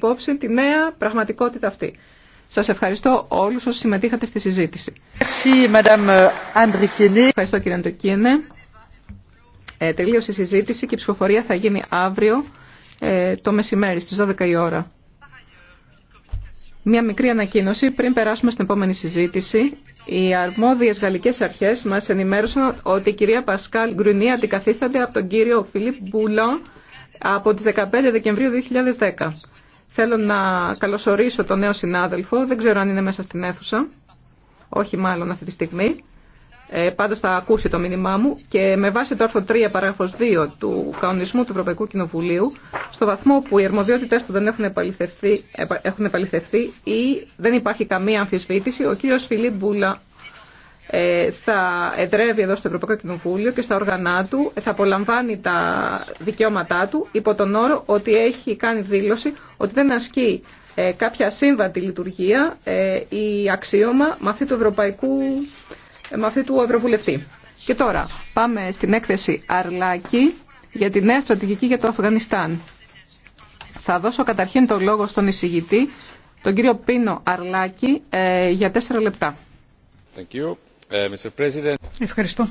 υπόψη τη νέα πραγματικότητα αυτή. Σας ευχαριστώ όλους όσοι συμμετείχατε στη συζήτηση. Ευχαριστώ κύριε Αντοκίνε. Ε, τελείωσε η συζήτηση και η ψηφοφορία θα γίνει αύριο ε, το μεσημέρι στις 12 η ώρα. Μια μικρή ανακοίνωση πριν περάσουμε στην επόμενη συζήτηση. Οι αρμόδιες γαλλικές αρχές μας ενημέρωσαν ότι η κυρία Πασκάλ Γκρουνή αντικαθίστανται από τον κύριο Φιλίπ Μπουλόν από τις 15 Δεκεμβρίου 2010. Θέλω να καλωσορίσω τον νέο συνάδελφο. Δεν ξέρω αν είναι μέσα στην αίθουσα. Όχι μάλλον αυτή τη στιγμή. Ε, Πάντω θα ακούσει το μήνυμά μου και με βάση το άρθρο 3 παράγραφο 2 του κανονισμού του Ευρωπαϊκού Κοινοβουλίου, στο βαθμό που οι αρμοδιότητέ του δεν έχουν επαληθευτεί, έχουν ή δεν υπάρχει καμία αμφισβήτηση, ο κύριο Φιλίπ Μπούλα ε, θα εδρεύει εδώ στο Ευρωπαϊκό Κοινοβούλιο και στα όργανά του θα απολαμβάνει τα δικαιώματά του υπό τον όρο ότι έχει κάνει δήλωση ότι δεν ασκεί ε, κάποια σύμβατη λειτουργία ή ε, αξίωμα μαθή του, Ευρωπαϊκού, του Ευρωβουλευτή. Και τώρα πάμε στην έκθεση Αρλάκη για τη νέα στρατηγική για το Αφγανιστάν. Θα δώσω καταρχήν το λόγο στον εισηγητή, τον κύριο Πίνο Αρλάκη, για τέσσερα λεπτά. Thank ε, Ευχαριστώ.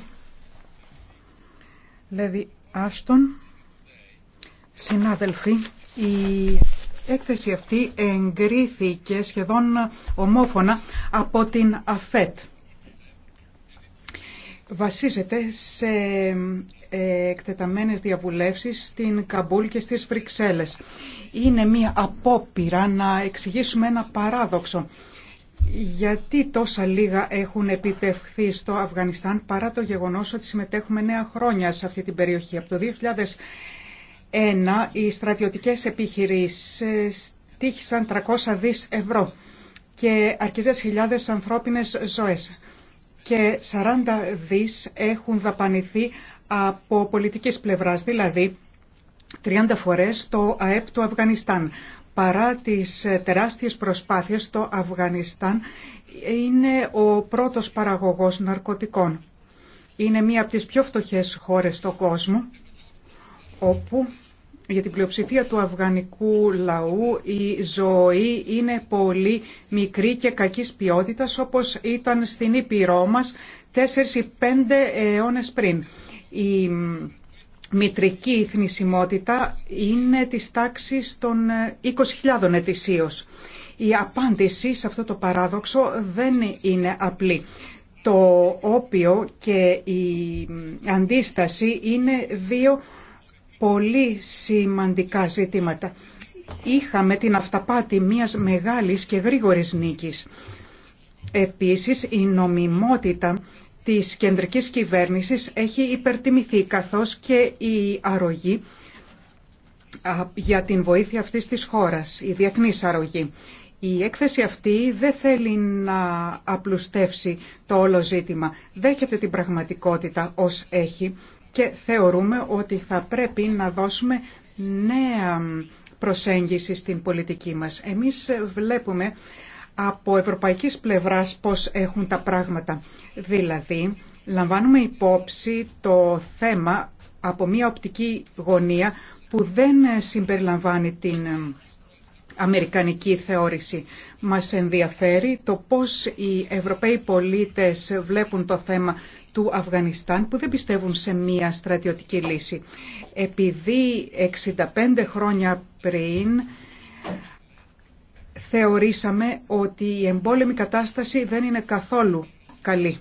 Λέδι Άστον, συνάδελφοι, η έκθεση αυτή εγκρίθηκε σχεδόν ομόφωνα από την ΑΦΕΤ. Βασίζεται σε ε, εκτεταμένες διαβουλεύσεις στην Καμπούλ και στις Βρυξέλλες. Είναι μία απόπειρα να εξηγήσουμε ένα παράδοξο γιατί τόσα λίγα έχουν επιτευχθεί στο Αφγανιστάν παρά το γεγονός ότι συμμετέχουμε νέα χρόνια σε αυτή την περιοχή. Από το 2001 οι στρατιωτικές επιχειρήσεις τύχησαν 300 δις ευρώ και αρκετές χιλιάδες ανθρώπινες ζωές και 40 δις έχουν δαπανηθεί από πολιτικής πλευράς, δηλαδή 30 φορές το ΑΕΠ του Αφγανιστάν παρά τις ε, τεράστιες προσπάθειες το Αφγανιστάν είναι ο πρώτος παραγωγός ναρκωτικών. Είναι μία από τις πιο φτωχές χώρες στον κόσμο όπου για την πλειοψηφία του αφγανικού λαού η ζωή είναι πολύ μικρή και κακής ποιότητας όπως ήταν στην Ήπειρό μας 4 ή 5 αιώνες πριν μητρική εθνισμότητα είναι της τάξης των 20.000 ε, ετησίως. Η απάντηση σε αυτό το παράδοξο δεν είναι απλή. Το όπιο και η αντίσταση είναι δύο πολύ σημαντικά ζητήματα. Είχαμε την αυταπάτη μιας μεγάλης και γρήγορης νίκης. Επίσης, η νομιμότητα της κεντρικής κυβέρνησης έχει υπερτιμηθεί καθώς και η αρρωγή για την βοήθεια αυτής της χώρας, η διεθνή αρρωγή. Η έκθεση αυτή δεν θέλει να απλουστεύσει το όλο ζήτημα. Δέχεται την πραγματικότητα ως έχει και θεωρούμε ότι θα πρέπει να δώσουμε νέα προσέγγιση στην πολιτική μας. Εμείς βλέπουμε από ευρωπαϊκής πλευράς πώς έχουν τα πράγματα. Δηλαδή, λαμβάνουμε υπόψη το θέμα από μια οπτική γωνία που δεν συμπεριλαμβάνει την ε, αμερικανική θεώρηση. Μας ενδιαφέρει το πώς οι Ευρωπαίοι πολίτες βλέπουν το θέμα του Αφγανιστάν που δεν πιστεύουν σε μία στρατιωτική λύση. Επειδή 65 χρόνια πριν θεωρήσαμε ότι η εμπόλεμη κατάσταση δεν είναι καθόλου καλή.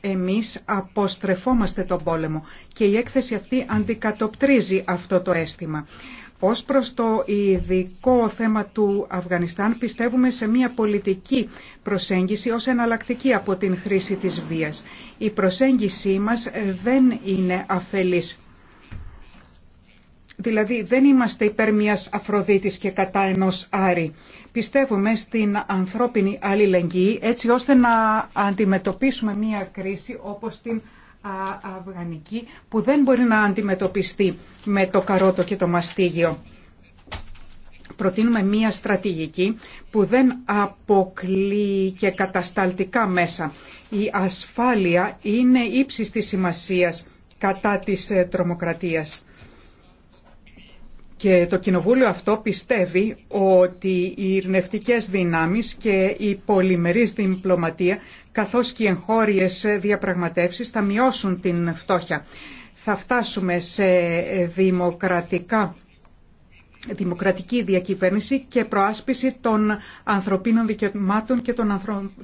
Εμείς αποστρεφόμαστε τον πόλεμο και η έκθεση αυτή αντικατοπτρίζει αυτό το αίσθημα. Ως προς το ειδικό θέμα του Αφγανιστάν πιστεύουμε σε μια πολιτική προσέγγιση ως εναλλακτική από την χρήση της βίας. Η προσέγγιση μας δεν είναι αφελής. Δηλαδή δεν είμαστε υπέρ μιας Αφροδίτης και κατά ενός Άρη. Πιστεύουμε στην ανθρώπινη αλληλεγγύη έτσι ώστε να αντιμετωπίσουμε μια κρίση όπως την Αφγανική που δεν μπορεί να αντιμετωπιστεί με το καρότο και το μαστίγιο. Προτείνουμε μία στρατηγική που δεν αποκλείει και κατασταλτικά μέσα. Η ασφάλεια είναι ύψης της σημασίας κατά της ε, τρομοκρατίας. Και το Κοινοβούλιο αυτό πιστεύει ότι οι ειρνευτικές δυνάμεις και η πολυμερής διπλωματία καθώς και οι εγχώριες διαπραγματεύσεις θα μειώσουν την φτώχεια. Θα φτάσουμε σε δημοκρατικά δημοκρατική διακυβέρνηση και προάσπιση των ανθρωπίνων δικαιωμάτων και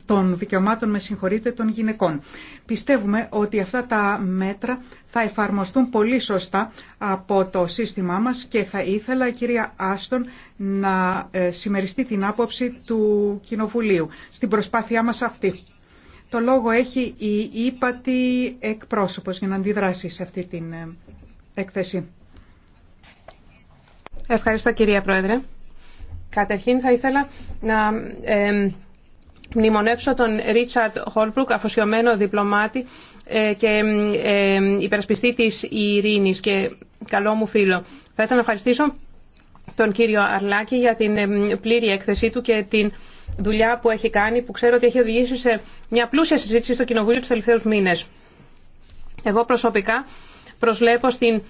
των, δικαιωμάτων με συγχωρείτε των γυναικών. Πιστεύουμε ότι αυτά τα μέτρα θα εφαρμοστούν πολύ σωστά από το σύστημά μας και θα ήθελα η κυρία Άστον να ε, συμμεριστεί την άποψη του Κοινοβουλίου στην προσπάθειά μας αυτή. Το λόγο έχει η ύπατη εκπρόσωπος για να αντιδράσει σε αυτή την ε, έκθεση. Ευχαριστώ κυρία Πρόεδρε. Καταρχήν θα ήθελα να μνημονεύσω τον Ρίτσαρτ Χόλπρουκ, αφοσιωμένο διπλωμάτη ε, και υπερασπιστή της ειρήνης και καλό μου φίλο. Θα ήθελα να ευχαριστήσω τον κύριο Αρλάκη για την πλήρη έκθεσή του και την δουλειά που έχει κάνει, που ξέρω ότι έχει οδηγήσει σε μια πλούσια συζήτηση στο Κοινοβούλιο του τελευταίους μήνες. Εγώ προσωπικά προσλέπω στην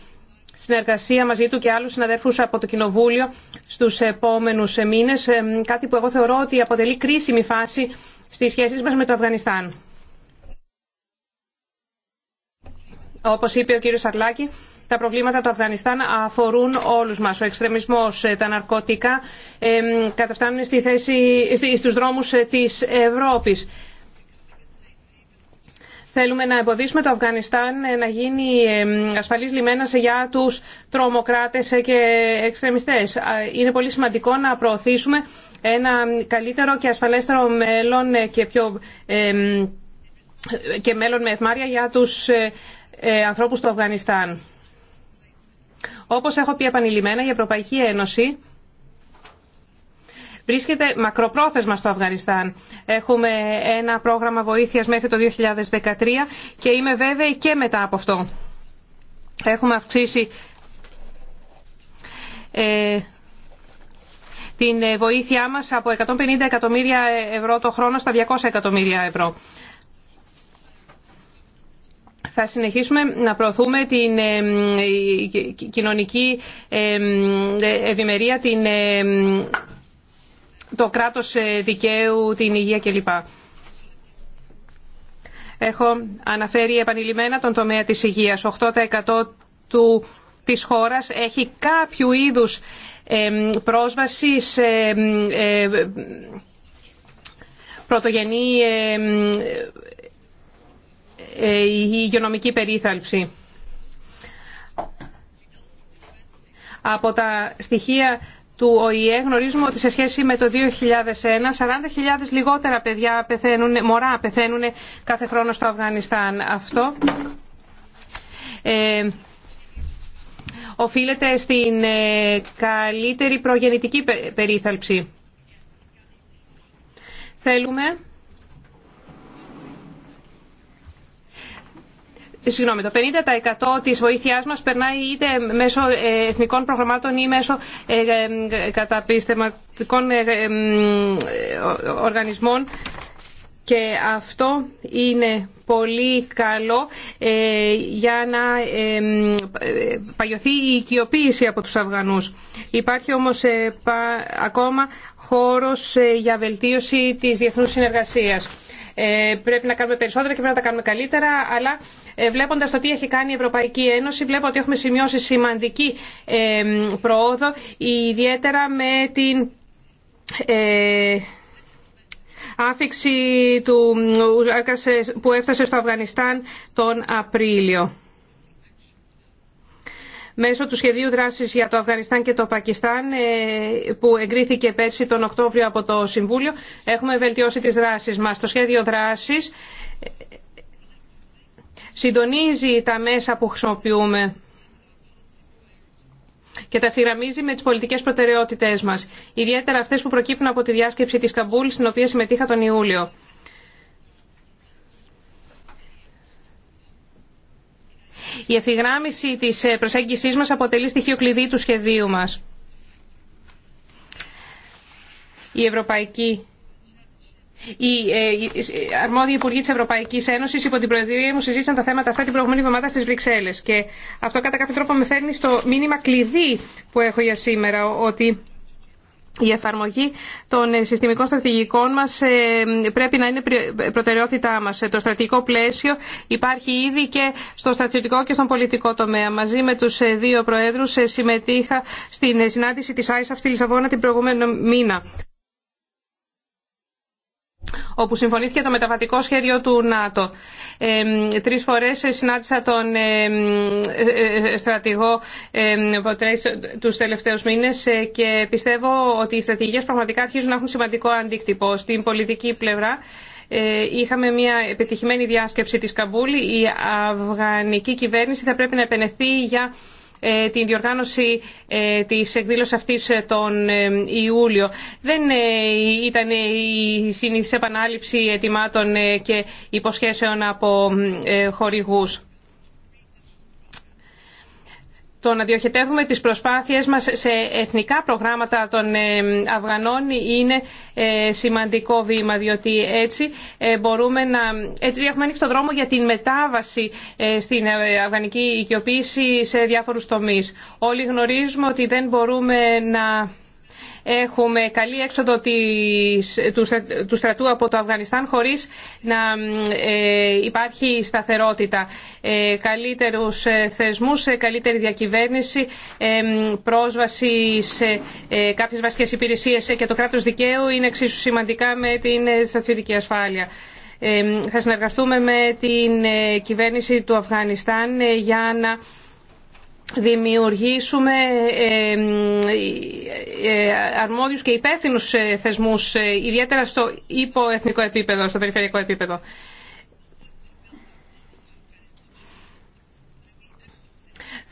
συνεργασία μαζί του και άλλους συναδέρφους από το Κοινοβούλιο στους επόμενους μήνες, ε, κάτι που εγώ θεωρώ ότι αποτελεί κρίσιμη φάση στις σχέσεις μας με το Αφγανιστάν. Όπως είπε ο κύριος Αρλάκη, τα προβλήματα του Αφγανιστάν αφορούν όλους μας. Ο εξτρεμισμός, ε, τα ναρκωτικά ε, καταφτάνουν στη θέση, στους δρόμους της Ευρώπης. Θέλουμε να εμποδίσουμε το Αφγανιστάν ε, να γίνει ασφαλής λιμένας για τους τρομοκράτες ε, και εξτρεμιστές. Είναι πολύ σημαντικό να προωθήσουμε ένα καλύτερο και ασφαλέστερο μέλλον ε, και, πιο, και μέλλον με ευμάρια για τους ανθρώπους του Αφγανιστάν. Όπως έχω πει επανειλημμένα, η Ευρωπαϊκή Ένωση βρίσκεται μακροπρόθεσμα στο Αφγανιστάν. Έχουμε ένα πρόγραμμα βοήθειας μέχρι το 2013 και είμαι βέβαιη και μετά από αυτό. Έχουμε αυξήσει ε, την ε, βοήθειά μας από 150 εκατομμύρια ευρώ το χρόνο στα 200 εκατομμύρια ευρώ. Θα συνεχίσουμε να προωθούμε την ε, κοινωνική ευημερία, την το κράτος ε, δικαίου, την υγεία κλπ. Έχω αναφέρει επανειλημμένα τον τομέα της υγείας. 8% του, της χώρας έχει κάποιο είδους πρόσβαση σε ε, πρωτογενή ε, υγειονομική περίθαλψη. Από τα στοιχεία του ΟΗΕ γνωρίζουμε ότι σε σχέση με το 2001 40.000 λιγότερα παιδιά μωρά πεθαίνουν κάθε χρόνο στο Αφγανιστάν. Αυτό ε, οφείλεται στην ε, καλύτερη προγεννητική περίθαλψη. Θέλουμε Συγγνώμη, το 50% της βοήθειάς μας περνάει είτε μέσω ε, εθνικών προγραμμάτων ή μέσω ε, ε, καταπιστευματικών οργανισμών και αυτό είναι πολύ καλό για να παγιωθεί η οικειοποίηση από τους Αφγανούς. Υπάρχει όμως ακόμα χώρος για βελτίωση της διεθνούς συνεργασίας πρέπει να κάνουμε περισσότερα και πρέπει να τα κάνουμε καλύτερα, αλλά βλέποντα το τι έχει κάνει η Ευρωπαϊκή Ένωση, βλέπω ότι έχουμε σημειώσει σημαντική πρόοδο, ιδιαίτερα με την άφηξη του Ουζάκα που έφτασε στο Αφγανιστάν τον Απρίλιο μέσω του σχεδίου δράσης για το Αφγανιστάν και το Πακιστάν ε, που εγκρίθηκε πέρσι τον Οκτώβριο από το Συμβούλιο έχουμε βελτιώσει τις δράσεις μας. Το σχέδιο δράσης ε, συντονίζει τα μέσα που χρησιμοποιούμε και τα ευθυγραμμίζει με τι πολιτικέ προτεραιότητές μα, ιδιαίτερα αυτέ που προκύπτουν από τη διάσκεψη τη Καμπούλ, στην οποία συμμετείχα τον Ιούλιο. Η ευθυγράμμιση της ε, προσέγγισής μας αποτελεί στοιχείο κλειδί του σχεδίου μας. Η Ευρωπαϊκή η ε, ε, αρμόδιοι υπουργοί τη Ευρωπαϊκή Ένωση υπό την Προεδρία μου συζήτησαν τα θέματα αυτά την προηγούμενη εβδομάδα στι Βρυξέλλε. Και αυτό κατά κάποιο τρόπο με φέρνει στο μήνυμα κλειδί που έχω για σήμερα, ότι η εφαρμογή των ε, συστημικών στρατηγικών μας ε, πρέπει να είναι προτεραιότητά μας. Ε, το στρατηγικό πλαίσιο υπάρχει ήδη και στο στρατιωτικό και στον πολιτικό τομέα. Μαζί με τους δύο προέδρους συμμετείχα στην συνάντηση της ISAF στη Λισαβόνα την προηγούμενη μήνα όπου συμφωνήθηκε το μεταβατικό σχέδιο του ΝΑΤΟ. Ε, τρεις φορές συνάντησα τον ε, ε, στρατηγό τους τελευταίους μήνες ε, και πιστεύω ότι οι στρατηγίες πραγματικά αρχίζουν να έχουν σημαντικό αντίκτυπο στην πολιτική πλευρά. Ε, είχαμε μια επιτυχημένη διάσκεψη της Καμπούλη. Η αυγανική κυβέρνηση θα πρέπει να επενεθεί για ε, την διοργάνωση ε, της εκδήλωσης αυτής ε, τον Ιούλιο. Δεν ήταν η συνήθις επανάληψη ετοιμάτων και υποσχέσεων από χορηγούς το να διοχετεύουμε τις προσπάθειες μας σε εθνικά προγράμματα των ε, Αφγανών είναι ε, σημαντικό βήμα, διότι έτσι ε, μπορούμε να... Έτσι έχουμε ανοίξει τον δρόμο για την μετάβαση στην αφγανική οικειοποίηση σε διάφορους τομείς. Όλοι γνωρίζουμε ότι δεν μπορούμε να έχουμε καλή έξοδο του στρατού από το Αφγανιστάν χωρίς να ε, υπάρχει σταθερότητα. Ε, καλύτερους ε, θεσμούς, καλύτερη διακυβέρνηση, πρόσβαση σε κάποιες βασικές υπηρεσίες και το κράτος δικαίου είναι εξίσου σημαντικά με την στρατιωτική ασφάλεια. Θα συνεργαστούμε με την κυβέρνηση του Αφγανιστάν για να δημιουργήσουμε ε, ε, ε, αρμόδιους και υπεύθυνους θεσμούς, ιδιαίτερα στο υποεθνικό επίπεδο, στο περιφερειακό επίπεδο.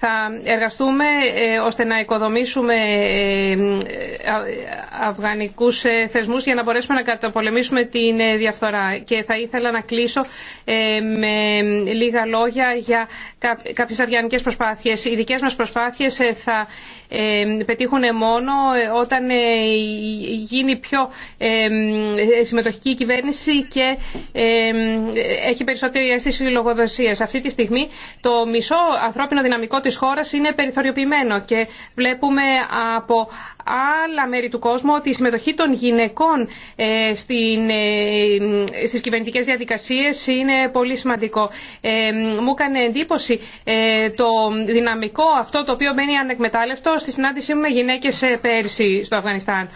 Θα εργαστούμε ε, ώστε να οικοδομήσουμε ε, αφγανικούς ε, θεσμούς για να μπορέσουμε να καταπολεμήσουμε την διαφθορά. Και θα ήθελα να κλείσω με λίγα λόγια για κάποιες αυγανικές προσπάθειες. Οι δικές μας προσπάθειες θα πετύχουν μόνο ε, όταν ε, γίνει πιο ε, συμμετοχική η κυβέρνηση και έχει περισσότερη αίσθηση λογοδοσία. Αυτή τη στιγμή το μισό ανθρώπινο δυναμικό της χώρας είναι περιθωριοποιημένο και βλέπουμε από άλλα μέρη του κόσμου ότι η συμμετοχή των γυναικών ε, ε, στις κυβερνητικές διαδικασίες είναι πολύ σημαντικό. Ε, μου έκανε εντύπωση το δυναμικό αυτό το οποίο μένει ανεκμετάλλευτο στη συνάντησή μου με γυναίκες πέρσι στο Αφγανιστάν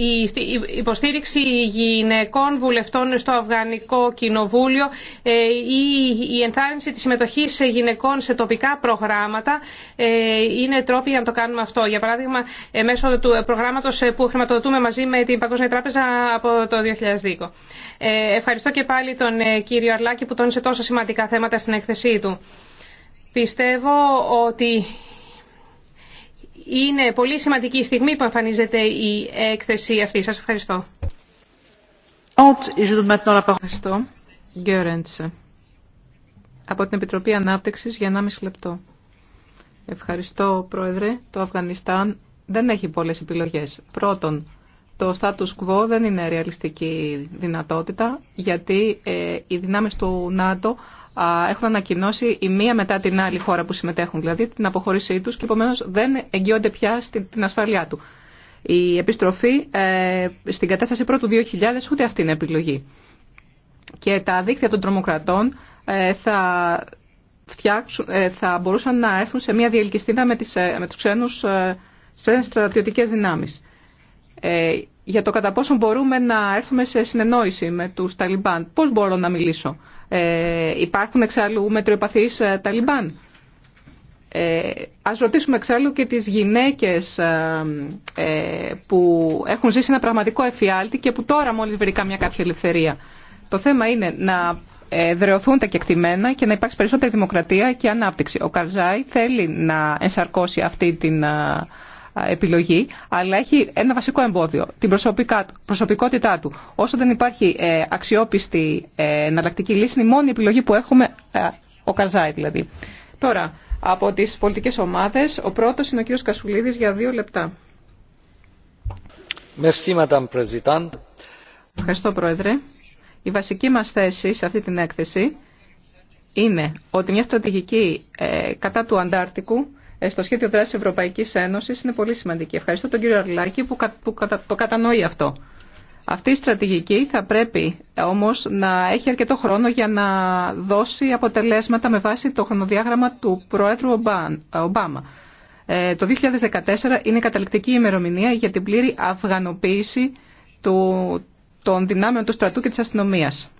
η υποστήριξη γυναικών βουλευτών στο Αφγανικό Κοινοβούλιο ή ε, η ενθάρρυνση της συμμετοχής γυναικών σε τοπικά προγράμματα ε, είναι τρόποι για να το κάνουμε αυτό. Για παράδειγμα, ε, μέσω του προγράμματος που χρηματοδοτούμε μαζί με την Παγκόσμια Τράπεζα από το 2002. Ευχαριστώ και πάλι τον κύριο Αρλάκη που τόνισε τόσο σημαντικά θέματα στην έκθεσή του. Πιστεύω ότι είναι πολύ σημαντική η στιγμή που εμφανίζεται η έκθεση αυτή. Σας ευχαριστώ. Ευχαριστώ. Γκέρεντσε. Από την Επιτροπή Ανάπτυξης για 1,5 λεπτό. Ευχαριστώ, Πρόεδρε. Το Αφγανιστάν δεν έχει πολλές επιλογές. Πρώτον, το status quo δεν είναι ρεαλιστική δυνατότητα, γιατί ε, οι δυνάμεις του ΝΑΤΟ έχουν ανακοινώσει η μία μετά την άλλη χώρα που συμμετέχουν, δηλαδή την αποχώρησή του και επομένω δεν εγγυώνται πια την ασφαλειά του. Η επιστροφή ε, στην κατάσταση πρώτου 2000 ούτε αυτή είναι επιλογή. Και τα δίκτυα των τρομοκρατών ε, θα, ε, θα μπορούσαν να έρθουν σε μια διελκυστίδα με, τις, με τους ξένους στρατιωτικές δυνάμεις. για το κατά πόσο μπορούμε να έρθουμε σε συνεννόηση με τους Ταλιμπάν, πώς μπορώ να μιλήσω. Ε, υπάρχουν εξάλλου μετροεπαθείς ε, Ταλιμπάν. Ε, ας ρωτήσουμε εξάλλου και τις γυναίκες ε, ε, που έχουν ζήσει ένα πραγματικό εφιάλτη και που τώρα μόλις βρήκα μια κάποια ελευθερία. Το θέμα είναι να ε, δρεωθούν τα κεκτημένα και να υπάρξει περισσότερη δημοκρατία και ανάπτυξη. Ο Καρζάη θέλει να ενσαρκώσει αυτή την επιλογή, αλλά έχει ένα βασικό εμπόδιο, την προσωπικότητά του. Όσο δεν υπάρχει ε, αξιόπιστη ε, εναλλακτική λύση, είναι η μόνη επιλογή που έχουμε, ε, ο Καρζάη δηλαδή. Τώρα, από τις πολιτικές ομάδες, ο πρώτος είναι ο κύριος Κασουλίδης για δύο λεπτά. Ευχαριστώ, Πρόεδρε. Η βασική μας θέση σε αυτή την έκθεση είναι ότι μια στρατηγική κατά του Αντάρτικου ε, στο σχέδιο δράσης Ευρωπαϊκής Ένωσης είναι πολύ σημαντική. Ευχαριστώ τον κύριο Αρλάκη που το κατανοεί αυτό. Αυτή η στρατηγική θα πρέπει ε, όμως να έχει αρκετό χρόνο για να δώσει αποτελέσματα με βάση το χρονοδιάγραμμα του Πρόεδρου Ομπάμα. Ε, το 2014 είναι η καταληκτική ημερομηνία για την πλήρη αυγανοποίηση των δυνάμεων του στρατού και της αστυνομίας.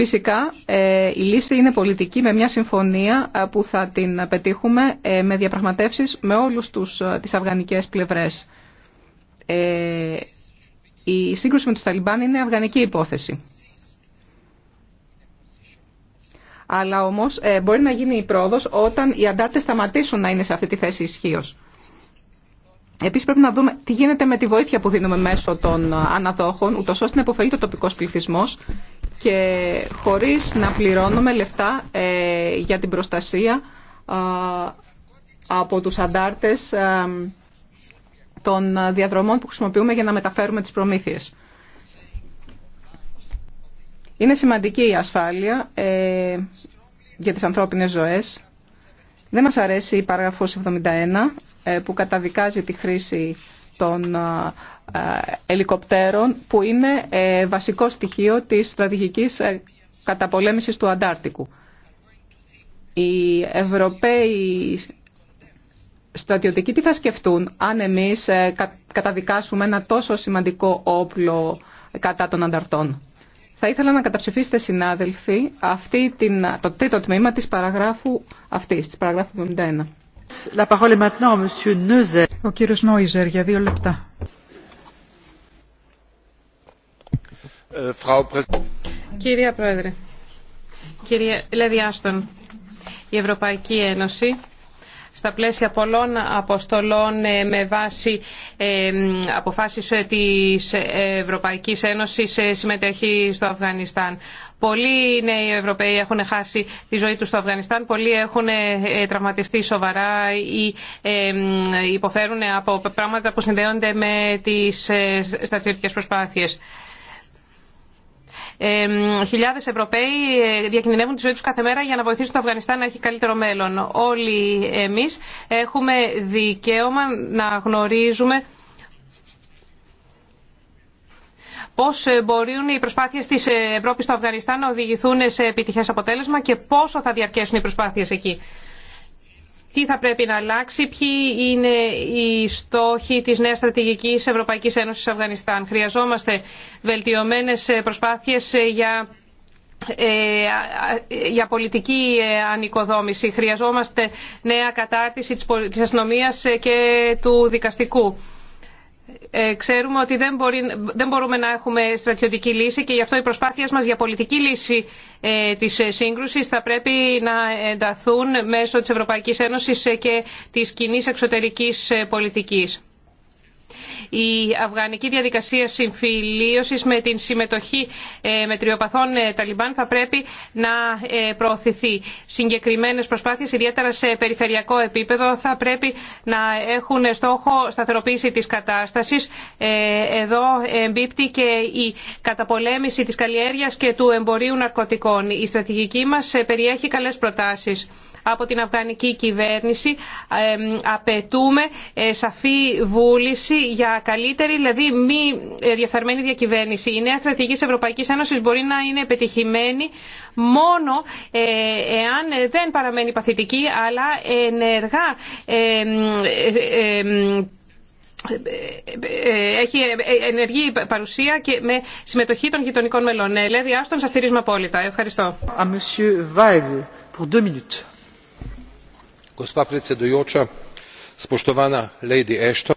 Φυσικά ε, η λύση είναι πολιτική με μια συμφωνία ε, που θα την πετύχουμε ε, με διαπραγματεύσεις με όλους τους, τις αφγανικές πλευρές. η σύγκρουση με τους Ταλιμπάν είναι αφγανική υπόθεση. Αλλά όμως μπορεί να γίνει η πρόοδος όταν οι αντάρτες σταματήσουν να είναι σε αυτή τη θέση ισχύω. Επίσης πρέπει να δούμε τι γίνεται με τη βοήθεια που δίνουμε μέσω των αναδόχων, ούτως ώστε να υποφελεί το τοπικός πληθυσμός και χωρίς να πληρώνουμε λεφτά ε, για την προστασία ε, από τους αντάρτες ε, των διαδρομών που χρησιμοποιούμε για να μεταφέρουμε τις προμήθειες. Είναι σημαντική η ασφάλεια για τις ανθρώπινες ζωές. Δεν μας αρέσει η παράγραφος 71 που καταδικάζει τη χρήση των ε, ελικοπτέρων που είναι ε, βασικό στοιχείο της στρατηγικής ε, καταπολέμησης του Αντάρτικου. Οι Ευρωπαίοι στρατιωτικοί τι θα σκεφτούν αν εμείς καταδικάσουμε ένα τόσο σημαντικό όπλο κατά των ανταρτών. Θα ήθελα να καταψηφίσετε, συνάδελφοι, αυτή την, το τρίτο τμήμα της παραγράφου αυτής, της παραγράφου 51. Ο Νόιζερ για δύο λεπτά. Κυρία Πρόεδρε, κύριε Λέδη Άστον, η Ευρωπαϊκή Ένωση στα πλαίσια πολλών αποστολών ε, με βάση ε, αποφάσεις ε, της Ευρωπαϊκής Ένωσης συμμετέχει στο Αφγανιστάν. Πολλοί νέοι Ευρωπαίοι έχουν χάσει τη ζωή τους στο Αφγανιστάν, πολλοί έχουν ε, ε, τραυματιστεί σοβαρά ή ε, υποφέρουν από πράγματα που συνδέονται με τις στρατιωτικές προσπάθειες. Ε, χιλιάδες Ευρωπαίοι διακινδυνεύουν τη ζωή τους κάθε μέρα για να βοηθήσουν το Αφγανιστάν να έχει καλύτερο μέλλον. Όλοι εμείς έχουμε δικαίωμα να γνωρίζουμε Πώ ε, μπορούν οι προσπάθειες της ε, Ευρώπης στο Αφγανιστάν να οδηγηθούν σε επιτυχές αποτέλεσμα και πόσο θα διαρκέσουν οι προσπάθειες εκεί. Τι θα πρέπει να αλλάξει, ποιοι είναι οι στόχοι της νέα στρατηγική Ευρωπαϊκής Ένωσης Αφγανιστάν. Χρειαζόμαστε βελτιωμένες ε, προσπάθειες για για πολιτική ανοικοδόμηση. Χρειαζόμαστε νέα κατάρτιση της αστυνομίας και του δικαστικού. Ε, ξέρουμε ότι δεν, μπορούμε να έχουμε στρατιωτική λύση και γι' αυτό οι προσπάθειες μας για πολιτική λύση ε, της ε, σύγκρουσης θα πρέπει να ενταθούν μέσω της Ευρωπαϊκής Ένωσης και της κοινή εξωτερικής πολιτικής. Η αφγανική διαδικασία συμφιλίωσης με την συμμετοχή ε, μετριοπαθών ε, Ταλιμπάν θα πρέπει να ε, προωθηθεί. Συγκεκριμένες προσπάθειες, ιδιαίτερα σε περιφερειακό επίπεδο, θα πρέπει να έχουν στόχο σταθεροποίηση της κατάστασης. Εδώ εμπίπτει και η καταπολέμηση της καλλιέργειας και του εμπορίου ναρκωτικών. Η στρατηγική μας περιέχει καλές προτάσεις από την αφγανική κυβέρνηση. Απαιτούμε ε, σαφή βούληση για καλύτερη, δηλαδή μη ε, διαφθαρμένη διακυβέρνηση. Η νέα στρατηγική Ευρωπαϊκή Ένωση μπορεί να είναι επιτυχημένη μόνο ε, εάν δεν παραμένει παθητική, αλλά ενεργά έχει ενεργή παρουσία και με συμμετοχή των γειτονικών μελών. Λέδη Άστον, σας στηρίζουμε απόλυτα. Ευχαριστώ lady ashton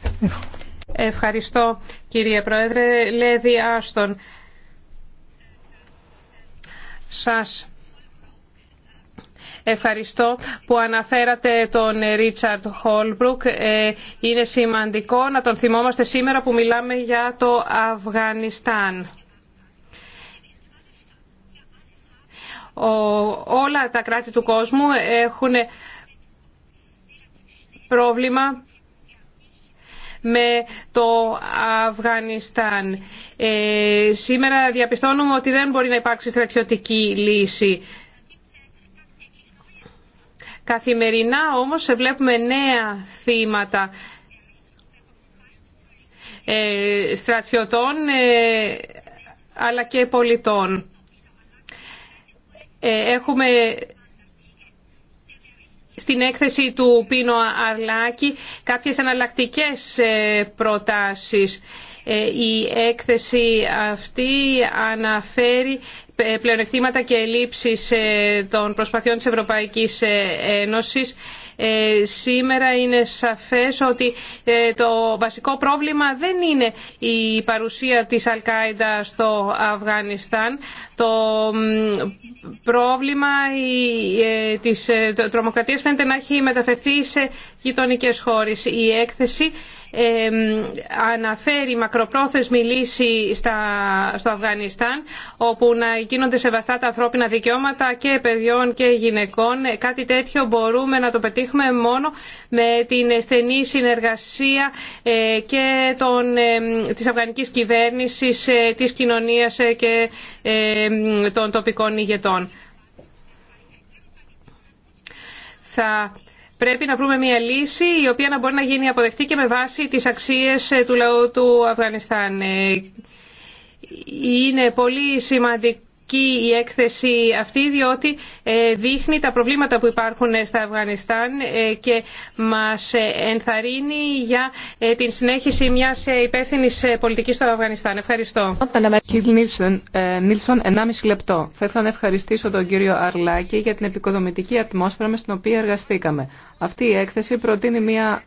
Ευχαριστώ κύριε Πρόεδρε. Λέδη Άστον, σας ευχαριστώ που αναφέρατε τον Ρίτσαρντ Χόλμπρουκ. Ε, είναι σημαντικό να τον θυμόμαστε σήμερα που μιλάμε για το Αφγανιστάν. όλα τα κράτη του κόσμου έχουν πρόβλημα με το Αφγανιστάν. Ε, σήμερα διαπιστώνουμε ότι δεν μπορεί να υπάρξει στρατιωτική λύση. Καθημερινά όμως βλέπουμε νέα θύματα ε, στρατιωτών ε, αλλά και πολιτών. Ε, έχουμε στην έκθεση του Πίνο Αρλάκη κάποιες αναλλακτικέ ε, προτάσεις. Ε, η έκθεση αυτή αναφέρει ε, πλεονεκτήματα και ελλείψεις των προσπαθειών της Ευρωπαϊκής Ένωσης ε, σήμερα είναι σαφές ότι ε, το βασικό πρόβλημα δεν είναι η παρουσία της Αλκάιντα στο Αφγανιστάν. Το πρόβλημα ε, της τρομοκρατίας φαίνεται να έχει μεταφερθεί σε γειτονικές χώρες. Η έκθεση αναφέρει μακροπρόθεσμη λύση στο Αφγανιστάν όπου να γίνονται σεβαστά τα ανθρώπινα δικαιώματα και παιδιών και γυναικών. Κάτι τέτοιο μπορούμε να το πετύχουμε μόνο με την στενή συνεργασία ε, και των, της αφγανικής κυβέρνησης, ε, της κοινωνίας ε, και των τοπικών ηγετών. Θα Πρέπει να βρούμε μια λύση η οποία να μπορεί να γίνει αποδεκτή και με βάση τις αξίες ε, του λαού του Αφγανιστάν. Ε, είναι πολύ σημαντικό σημαντική η έκθεση αυτή διότι ε, δείχνει τα προβλήματα που υπάρχουν στα Αφγανιστάν ε, και μας ε, ενθαρρύνει για την συνέχιση μιας υπεύθυνης πολιτικής στο Αφγανιστάν. Ευχαριστώ. Κύριε Νίλσον, ενάμιση λεπτό. Θα ήθελα να ευχαριστήσω τον κύριο Αρλάκη για την επικοδομητική ατμόσφαιρα με στην οποία εργαστήκαμε. Αυτή η έκθεση προτείνει μια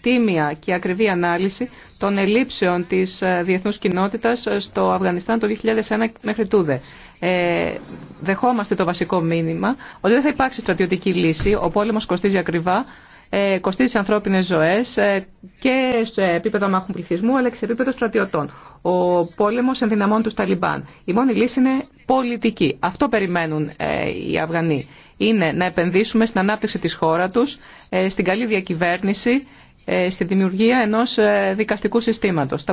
τίμια και ακριβή ανάλυση των ελλείψεων της ε, διεθνούς κοινότητας ε, στο Αφγανιστάν το 2001 μέχρι τούδε. Ε, δεχόμαστε το βασικό μήνυμα ότι δεν θα υπάρξει στρατιωτική λύση, ο πόλεμος κοστίζει ακριβά, ε, κοστίζει ανθρώπινες ζωές ε, και σε επίπεδο αμάχου πληθυσμού αλλά και σε επίπεδο στρατιωτών. Ο πόλεμος ενδυναμώνει του Ταλιμπάν. Η μόνη λύση είναι πολιτική. Αυτό περιμένουν ε, οι Αφγανοί. Είναι να επενδύσουμε στην ανάπτυξη της χώρα τους, ε, στην καλή διακυβέρνηση, ε, στη δημιουργία ενός ε, δικαστικού συστήματος.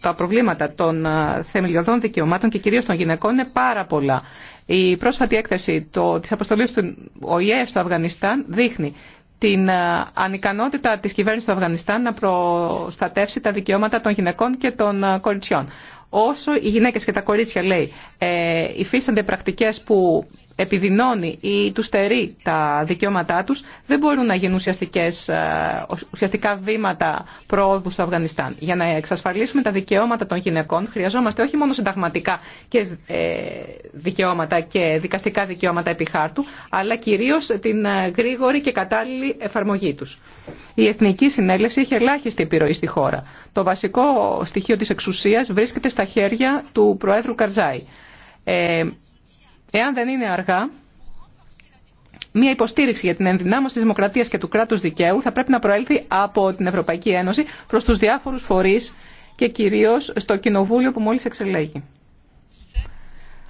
Τα προβλήματα των ε, θεμελιωδών δικαιωμάτων και κυρίως των γυναικών είναι πάρα πολλά. Η πρόσφατη έκθεση το, της αποστολής του ΟΗΕ στο Αφγανιστάν δείχνει την ανικανότητα της κυβέρνησης του Αφγανιστάν να προστατεύσει τα δικαιώματα των γυναικών και των κοριτσιών. Όσο οι γυναίκες και τα κορίτσια, λέει, ε, υφίστανται πρακτικές που επιδεινώνει ή του στερεί τα δικαιώματά τους, δεν μπορούν να γίνουν ουσιαστικές, ε, ουσιαστικά βήματα προόδου στο Αφγανιστάν. Για να εξασφαλίσουμε τα δικαιώματα των γυναικών, χρειαζόμαστε όχι μόνο συνταγματικά και ε, δικαιώματα και δικαστικά δικαιώματα επί χάρτου, αλλά κυρίως την ε, γρήγορη και κατάλληλη εφαρμογή τους. Η Εθνική Συνέλευση έχει ελάχιστη επιρροή στη χώρα. Το βασικό στοιχείο της εξουσίας βρίσκεται στα χέρια του Προέδρου Καρζάη. Εάν δεν είναι αργά, μια υποστήριξη για την ενδυνάμωση τη δημοκρατία και του κράτου δικαίου θα πρέπει να προέλθει από την Ευρωπαϊκή Ένωση προ του διάφορου φορεί και κυρίω στο κοινοβούλιο που μόλι εξελέγει.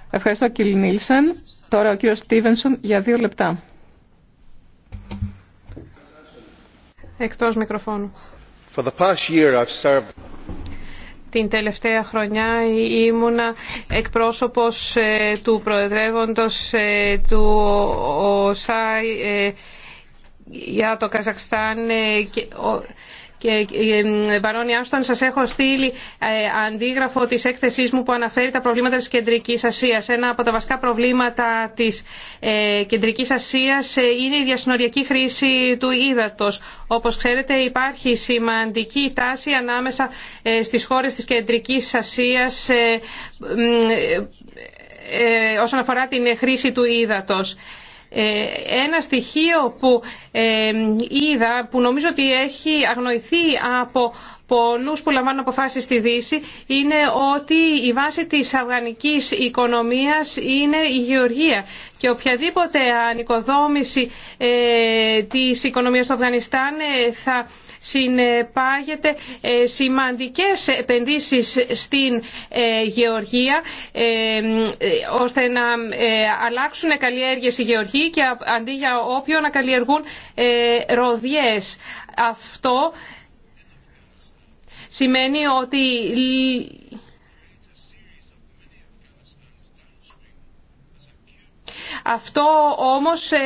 Ευχαριστώ κύριε Νίλσεν. Τώρα ο κύριος Στίβενσον για δύο λεπτά. Εκτός μικροφώνου. For the past year I've served την τελευταία χρονιά ήμουνα εκπρόσωπος ε, του Προεδρεύοντος ε, του ΟΣΑ ε, για το Καζακστάν ε, ε, Βαρόνι σας έχω στείλει ε, αντίγραφο της έκθεσής μου που αναφέρει τα προβλήματα της Κεντρικής Ασίας. Ένα από τα βασικά προβλήματα της Κεντρικής Ασίας είναι η διασυνοριακή χρήση του ύδατος. Όπως ξέρετε υπάρχει σημαντική τάση ανάμεσα στις χώρες της Κεντρικής Ασίας όσον αφορά την χρήση του ύδατος. Ε, ένα στοιχείο που ε, είδα, που νομίζω ότι έχει αγνοηθεί από πολλούς που λαμβάνουν αποφάσεις στη Δύση, είναι ότι η βάση της αυγανικής οικονομίας είναι η γεωργία. Και οποιαδήποτε ανοικοδόμηση ε, της οικονομίας του Αφγανιστάν θα συνεπάγεται ε, σημαντικές επενδύσεις στην ε, γεωργία ε, ώστε να αλλάξουν καλλιέργειες οι γεωργοί και αντί για όπιο να καλλιεργούν ροδιές. Αυτό σημαίνει ότι Αυτό όμως ε,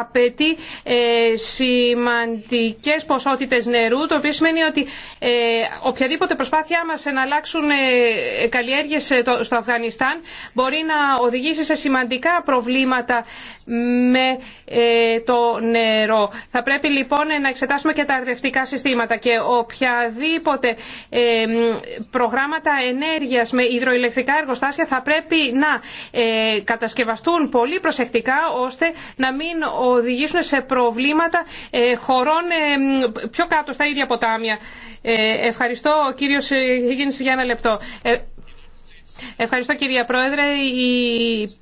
απαιτεί ε, σημαντικές ποσότητες νερού, το οποίο σημαίνει ότι ε, οποιαδήποτε προσπάθειά μας να αλλάξουν καλλιέργειες στο Αφγανιστάν μπορεί να οδηγήσει σε σημαντικά προβλήματα με το νερό. Θα πρέπει λοιπόν να εξετάσουμε και τα αρδευτικά συστήματα και οποιαδήποτε προγράμματα ενέργειας με υδροηλεκτρικά εργοστάσια θα πρέπει να κατασκευαστούν πολύ προσεκτικά ώστε να μην οδηγήσουν σε προβλήματα ε, χωρών ε, πιο κάτω στα ίδια ποτάμια. Ε, ευχαριστώ ο κύριος Higgins για ένα λεπτό. Ευχαριστώ κυρία Πρόεδρε. Η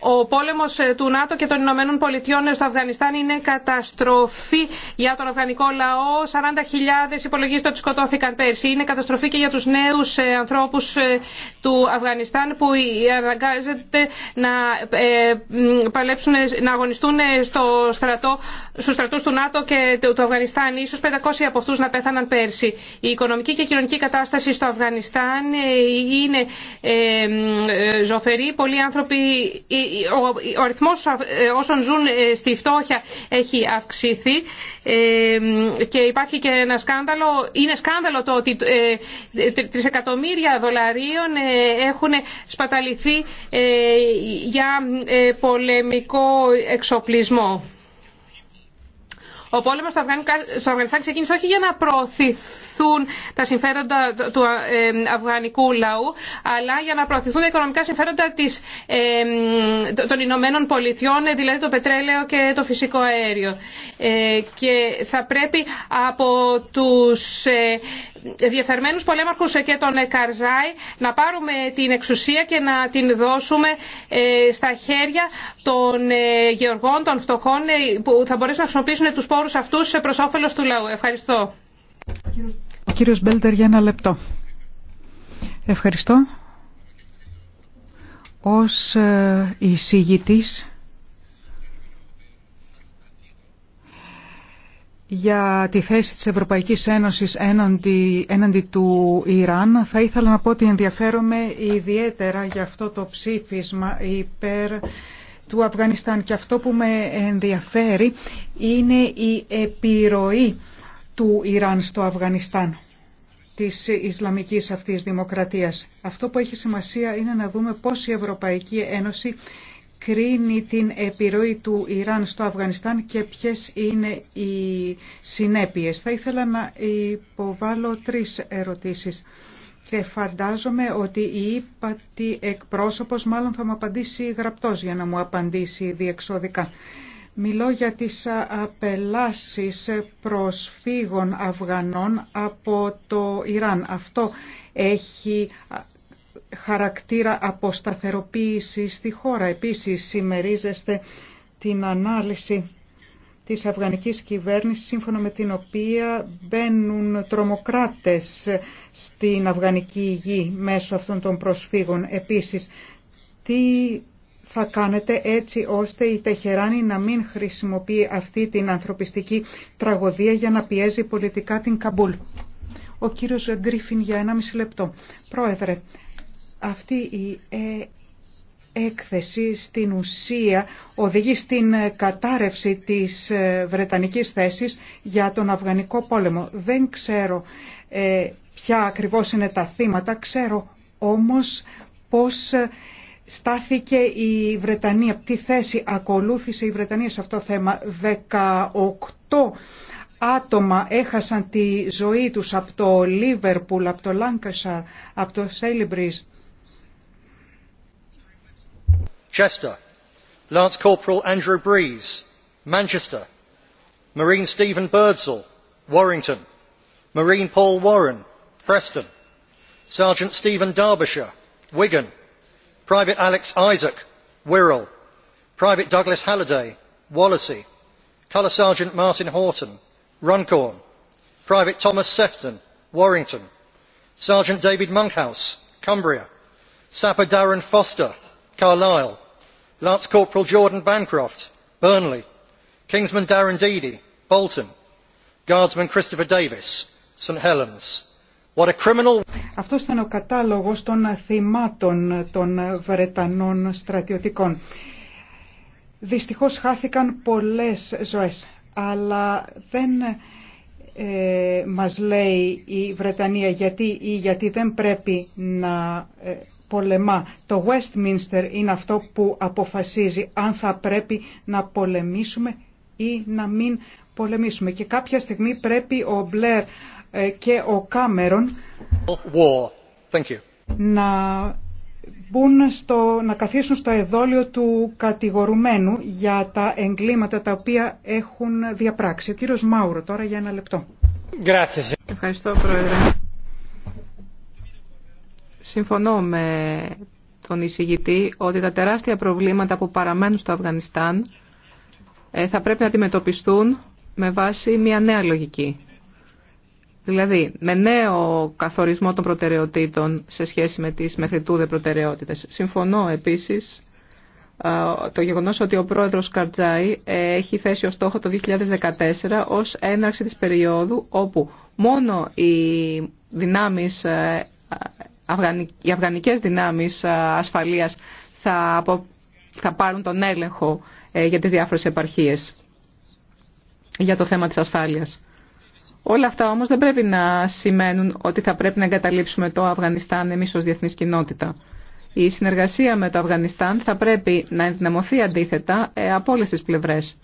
ο πόλεμο ε, του ΝΑΤΟ και των Ηνωμένων Πολιτειών ε, στο Αφγανιστάν είναι καταστροφή για τον αφγανικό λαό. 40.000 υπολογίστε ότι σκοτώθηκαν πέρσι. Είναι καταστροφή και για του νέου ε, ανθρώπου του Αφγανιστάν που αναγκάζεται να παλέψουν, να αγωνιστούν στο στρατό, στους στρατούς του ΝΑΤΟ και του Αφγανιστάν. Ίσως 500 από αυτούς να πέθαναν πέρσι. Η οικονομική και κοινωνική κατάσταση στο Αφγανιστάν είναι ζωφερή. Πολλοί άνθρωποι ο αριθμός ε, όσων ζουν ε, στη φτώχεια έχει αυξηθεί ε, και υπάρχει και ένα σκάνδαλο. Είναι σκάνδαλο το ότι τρισεκατομμύρια δολαρίων έχουν σπαταληθεί για πολεμικό εξοπλισμό. Ο πόλεμο στο Αφγανιστάν ξεκίνησε όχι για να προωθηθούν τα συμφέροντα του ε, αφγανικού λαού, αλλά για να προωθηθούν τα οικονομικά συμφέροντα της, ε, των Ηνωμένων Πολιτειών, ε, δηλαδή το πετρέλαιο και το φυσικό αέριο. Και θα πρέπει από τους διεφθαρμένου πολέμαρχου και τον Καρζάη να πάρουμε την εξουσία και να την δώσουμε στα χέρια των γεωργών, των φτωχών που θα μπορέσουν να χρησιμοποιήσουν του όρους αυτούς προς όφελος του λαού. Ευχαριστώ. Ο κύριος Μπέλτερ για ένα λεπτό. Ευχαριστώ. Ως ε, εισηγητής για τη θέση της Ευρωπαϊκής Ένωσης έναντι, έναντι του Ιράν θα ήθελα να πω ότι ενδιαφέρομαι ιδιαίτερα για αυτό το ψήφισμα υπέρ του Αφγανιστάν και αυτό που με ενδιαφέρει είναι η επιρροή του Ιράν στο Αφγανιστάν της Ισλαμικής αυτής δημοκρατίας. Αυτό που έχει σημασία είναι να δούμε πώς η Ευρωπαϊκή Ένωση κρίνει την επιρροή του Ιράν στο Αφγανιστάν και ποιες είναι οι συνέπειες. Θα ήθελα να υποβάλω τρεις ερωτήσεις και φαντάζομαι ότι η ύπατη εκπρόσωπος μάλλον θα μου απαντήσει γραπτός για να μου απαντήσει διεξόδικα. Μιλώ για τις απελάσεις προσφύγων Αφγανών από το Ιράν. Αυτό έχει χαρακτήρα αποσταθεροποίησης στη χώρα. Επίσης, συμμερίζεστε την ανάλυση της αφγανικής κυβέρνησης σύμφωνα με την οποία μπαίνουν τρομοκράτες στην αφγανική γη μέσω αυτών των προσφύγων. Επίσης, τι θα κάνετε έτσι ώστε η Τεχεράνη να μην χρησιμοποιεί αυτή την ανθρωπιστική τραγωδία για να πιέζει πολιτικά την Καμπούλ. Ο κύριος Γκρίφιν για ένα μισή λεπτό. Πρόεδρε, αυτή η έκθεση στην ουσία οδηγεί στην ε, κατάρρευση της ε, Βρετανικής θέσης για τον Αφγανικό πόλεμο. Δεν ξέρω ε, ποια ακριβώς είναι τα θύματα, ξέρω όμως πώς στάθηκε η Βρετανία, τι θέση ακολούθησε η Βρετανία σε αυτό το θέμα. 18 άτομα έχασαν τη ζωή τους από το Λίβερπουλ, από το Λάνκασαρ, από το Σέλιμπριζ chester lance corporal andrew breeze manchester marine stephen birdsall warrington marine paul warren preston sergeant stephen derbyshire wigan private alex isaac wirral private douglas halliday wallasey colour sergeant martin horton runcorn private thomas sefton warrington sergeant david monkhouse cumbria sapper darren foster carlisle lance corporal jordan bancroft burnley kingsman darren deedy bolton guardsman christopher davis st helens. What a criminal... Αυτός ήταν ο κατάλογος των θυμάτων των Βρετανών στρατιωτικών. Δυστυχώς χάθηκαν πολλές ζωές, αλλά δεν ε, μας λέει η Βρετανία γιατί ή γιατί δεν πρέπει να ε, πολεμά. Το Westminster είναι αυτό που αποφασίζει αν θα πρέπει να πολεμήσουμε ή να μην πολεμήσουμε. Και κάποια στιγμή πρέπει ο Μπλερ ε, και ο Κάμερον να μπουν στο, να καθίσουν στο εδόλιο του κατηγορουμένου για τα εγκλήματα τα οποία έχουν διαπράξει. Ο κύριος Μάουρο τώρα για ένα λεπτό. Ευχαριστώ Πρόεδρε. Συμφωνώ με τον εισηγητή ότι τα τεράστια προβλήματα που παραμένουν στο Αφγανιστάν ε, θα πρέπει να αντιμετωπιστούν με βάση μια νέα λογική. Δηλαδή, με νέο καθορισμό των προτεραιοτήτων σε σχέση με τις μέχρι τούδε προτεραιότητες. Συμφωνώ επίσης το γεγονός ότι ο πρόεδρος Καρτζάη έχει θέσει ως στόχο το 2014 ως έναρξη της περίοδου όπου μόνο οι, δυνάμεις, οι αφγανικές δυνάμεις ασφαλείας θα, θα πάρουν τον έλεγχο ε, για τις διάφορες επαρχίες για το θέμα της ασφάλειας. Όλα αυτά όμως δεν πρέπει να σημαίνουν ότι θα πρέπει να εγκαταλείψουμε το Αφγανιστάν εμείς ως διεθνής κοινότητα. Η συνεργασία με το Αφγανιστάν θα πρέπει να ενδυναμωθεί αντίθετα ε, από όλες τις πλευρές.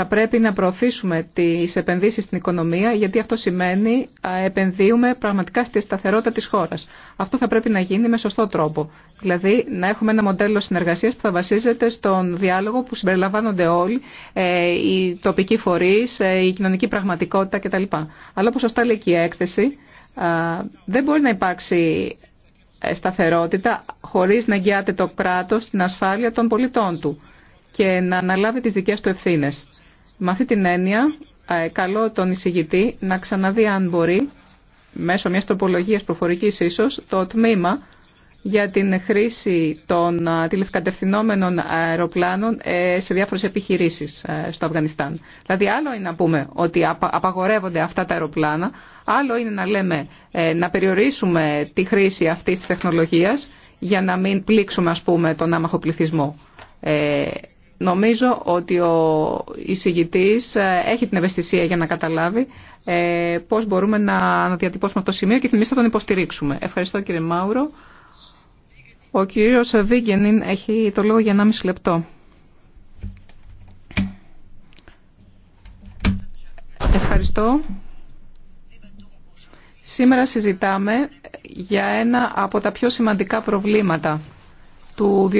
Θα πρέπει να προωθήσουμε τις επενδύσεις στην οικονομία, γιατί αυτό σημαίνει επενδύουμε πραγματικά στη σταθερότητα της χώρας. Αυτό θα πρέπει να γίνει με σωστό τρόπο. Δηλαδή να έχουμε ένα μοντέλο συνεργασίας που θα βασίζεται στον διάλογο που συμπεριλαμβάνονται όλοι, ε, οι τοπικοί φορείς, ε, η κοινωνική πραγματικότητα κτλ. Αλλά όπως σωστά λέει και η έκθεση, δεν μπορεί να υπάρξει ε, σταθερότητα χωρίς να εγγυάται το κράτος στην ασφάλεια των πολιτών του και να αναλάβει τις δικές του ευθύνες. Με αυτή την έννοια, καλώ τον εισηγητή να ξαναδεί αν μπορεί, μέσω μιας τροπολογίας προφορικής ίσως, το τμήμα για την χρήση των τηλεκατευθυνόμενων αεροπλάνων ε, σε διάφορες επιχειρήσεις ε, στο Αφγανιστάν. Δηλαδή άλλο είναι να πούμε ότι απαγορεύονται αυτά τα αεροπλάνα, άλλο είναι να λέμε ε, να περιορίσουμε τη χρήση αυτής της τεχνολογίας για να μην πλήξουμε ας πούμε τον άμαχο πληθυσμό. Νομίζω ότι ο εισηγητής ε, έχει την ευαισθησία για να καταλάβει ε, πώς μπορούμε να, αναδιατυπώσουμε αυτό το σημείο και εμείς θα τον υποστηρίξουμε. Ευχαριστώ κύριε Μάουρο. Ο κύριος Βίγγενιν έχει το λόγο για 1,5 λεπτό. Ευχαριστώ. Σήμερα συζητάμε για ένα από τα πιο σημαντικά προβλήματα του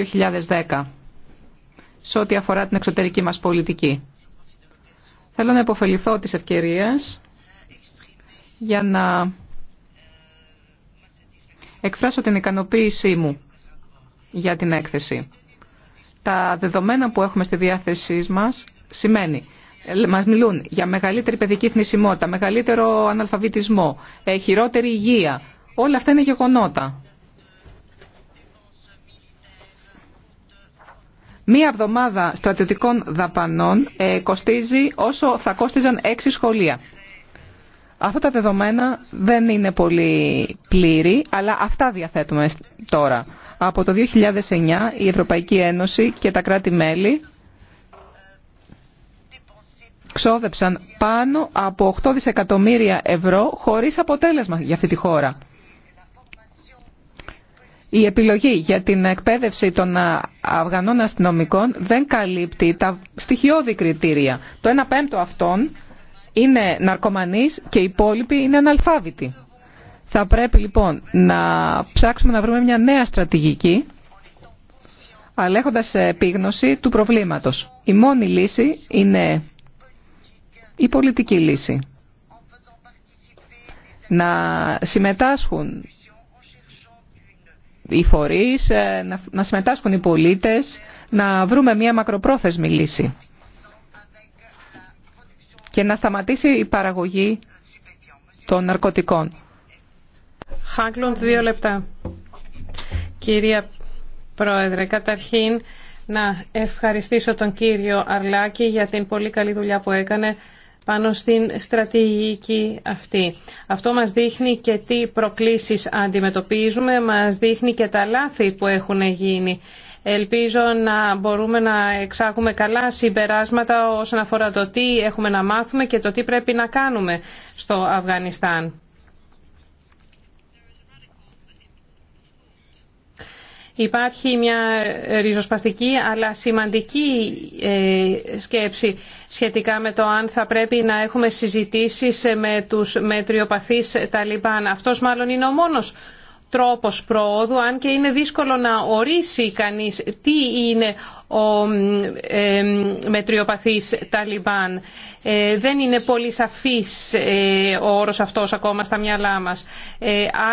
2010 σε ό,τι αφορά την εξωτερική μας πολιτική. Θέλω να υποφεληθώ της ευκαιρίας για να εκφράσω την ικανοποίησή μου για την έκθεση. Τα δεδομένα που έχουμε στη διάθεσή μας σημαίνει ε, μας μιλούν για μεγαλύτερη παιδική θνησιμότητα, μεγαλύτερο αναλφαβητισμό, ε, χειρότερη υγεία. Όλα αυτά είναι γεγονότα. Μία εβδομάδα στρατιωτικών δαπανών ε, κοστίζει όσο θα κόστιζαν έξι σχολεία. Αυτά τα δεδομένα δεν είναι πολύ πλήρη, αλλά αυτά διαθέτουμε τώρα. Από το 2009 η Ευρωπαϊκή Ένωση και τα κράτη-μέλη ξόδεψαν πάνω από 8 δισεκατομμύρια ευρώ χωρίς αποτέλεσμα για αυτή τη χώρα η επιλογή για την εκπαίδευση των Αφγανών αστυνομικών δεν καλύπτει τα στοιχειώδη κριτήρια. Το 1 πέμπτο αυτών είναι ναρκωμανείς και οι υπόλοιποι είναι αναλφάβητοι. Θα πρέπει λοιπόν να ψάξουμε να βρούμε μια νέα στρατηγική, αλλά επίγνωση του προβλήματος. Η μόνη λύση είναι η πολιτική λύση. Να συμμετάσχουν οι φορείς, ε, να συμμετάσχουν οι πολίτες, να βρούμε μια μακροπρόθεσμη λύση και να σταματήσει η παραγωγή των ναρκωτικών. Χάγκλουντ, δύο λεπτά. Κυρία Πρόεδρε, καταρχήν να ευχαριστήσω τον κύριο Αρλάκη για την πολύ καλή δουλειά που έκανε πάνω στην στρατηγική αυτή. Αυτό μας δείχνει και τι προκλήσεις αντιμετωπίζουμε, μας δείχνει και τα λάθη που έχουν γίνει. Ελπίζω να μπορούμε να εξάγουμε καλά συμπεράσματα όσον αφορά το τι έχουμε να μάθουμε και το τι πρέπει να κάνουμε στο Αφγανιστάν. Υπάρχει μια ριζοσπαστική αλλά σημαντική ε, σκέψη σχετικά με το αν θα πρέπει να έχουμε συζητήσεις με τους μετριοπαθείς Ταλιμπάν. Αυτός μάλλον είναι ο μόνος τρόπος προόδου, αν και είναι δύσκολο να ορίσει κανείς τι είναι ο ε, μετριοπαθής Ταλιμπάν. Ε, δεν είναι πολύ σαφής ε, ο όρος αυτός ακόμα στα μυαλά μας.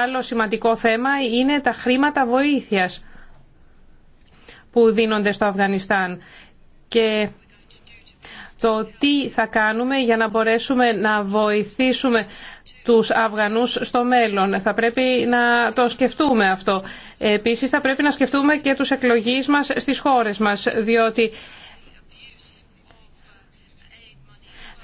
Άλλο σημαντικό θέμα είναι τα χρήματα βοήθειας που δίνονται στο Αφγανιστάν και το τι θα κάνουμε για να μπορέσουμε να βοηθήσουμε τους Αφγανούς στο μέλλον. Θα πρέπει να το σκεφτούμε αυτό. Επίσης θα πρέπει να σκεφτούμε και τους εκλογείς μας στις χώρες μας, διότι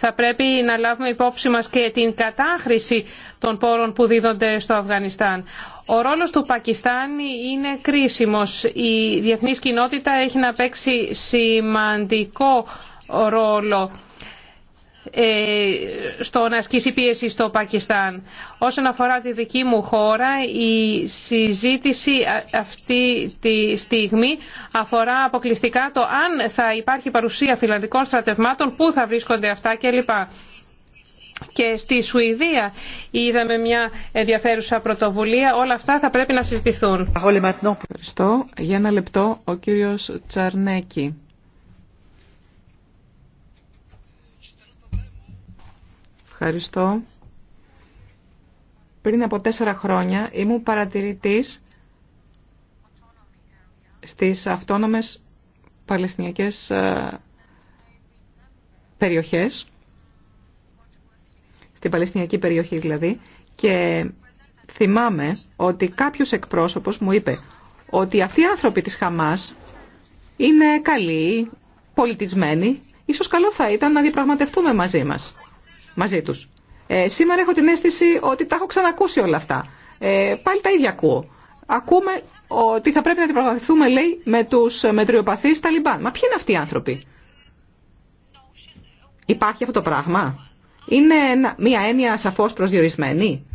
θα πρέπει να λάβουμε υπόψη μας και την κατάχρηση των πόρων που δίδονται στο Αφγανιστάν. Ο ρόλος του Πακιστάν είναι κρίσιμος. Η διεθνής κοινότητα έχει να παίξει σημαντικό ρόλο ε, στο να ασκήσει πίεση στο Πακιστάν. Όσον αφορά τη δική μου χώρα, η συζήτηση αυτή τη στιγμή αφορά αποκλειστικά το αν θα υπάρχει παρουσία φιλανδικών στρατευμάτων, πού θα βρίσκονται αυτά κλπ και στη Σουηδία είδαμε μια ενδιαφέρουσα πρωτοβουλία. Όλα αυτά θα πρέπει να συζητηθούν. Ευχαριστώ. Για ένα λεπτό ο κύριος Τσαρνέκη. Ευχαριστώ. Πριν από τέσσερα χρόνια ήμουν παρατηρητής στις αυτόνομες παλαιστινιακές ε, περιοχές στην Παλαιστινιακή περιοχή δηλαδή, και θυμάμαι ότι κάποιος εκπρόσωπος μου είπε ότι αυτοί οι άνθρωποι της Χαμάς είναι καλοί, πολιτισμένοι, ίσως καλό θα ήταν να διαπραγματευτούμε μαζί μας, μαζί τους. Ε, σήμερα έχω την αίσθηση ότι τα έχω ξανακούσει όλα αυτά. Ε, πάλι τα ίδια ακούω. Ακούμε ότι θα πρέπει να διαπραγματευτούμε, λέει, με τους μετριοπαθείς Ταλιμπάν. Μα ποιοι είναι αυτοί οι άνθρωποι. Υπάρχει αυτό το πράγμα είναι μια έννοια σαφώς προσδιορισμένη.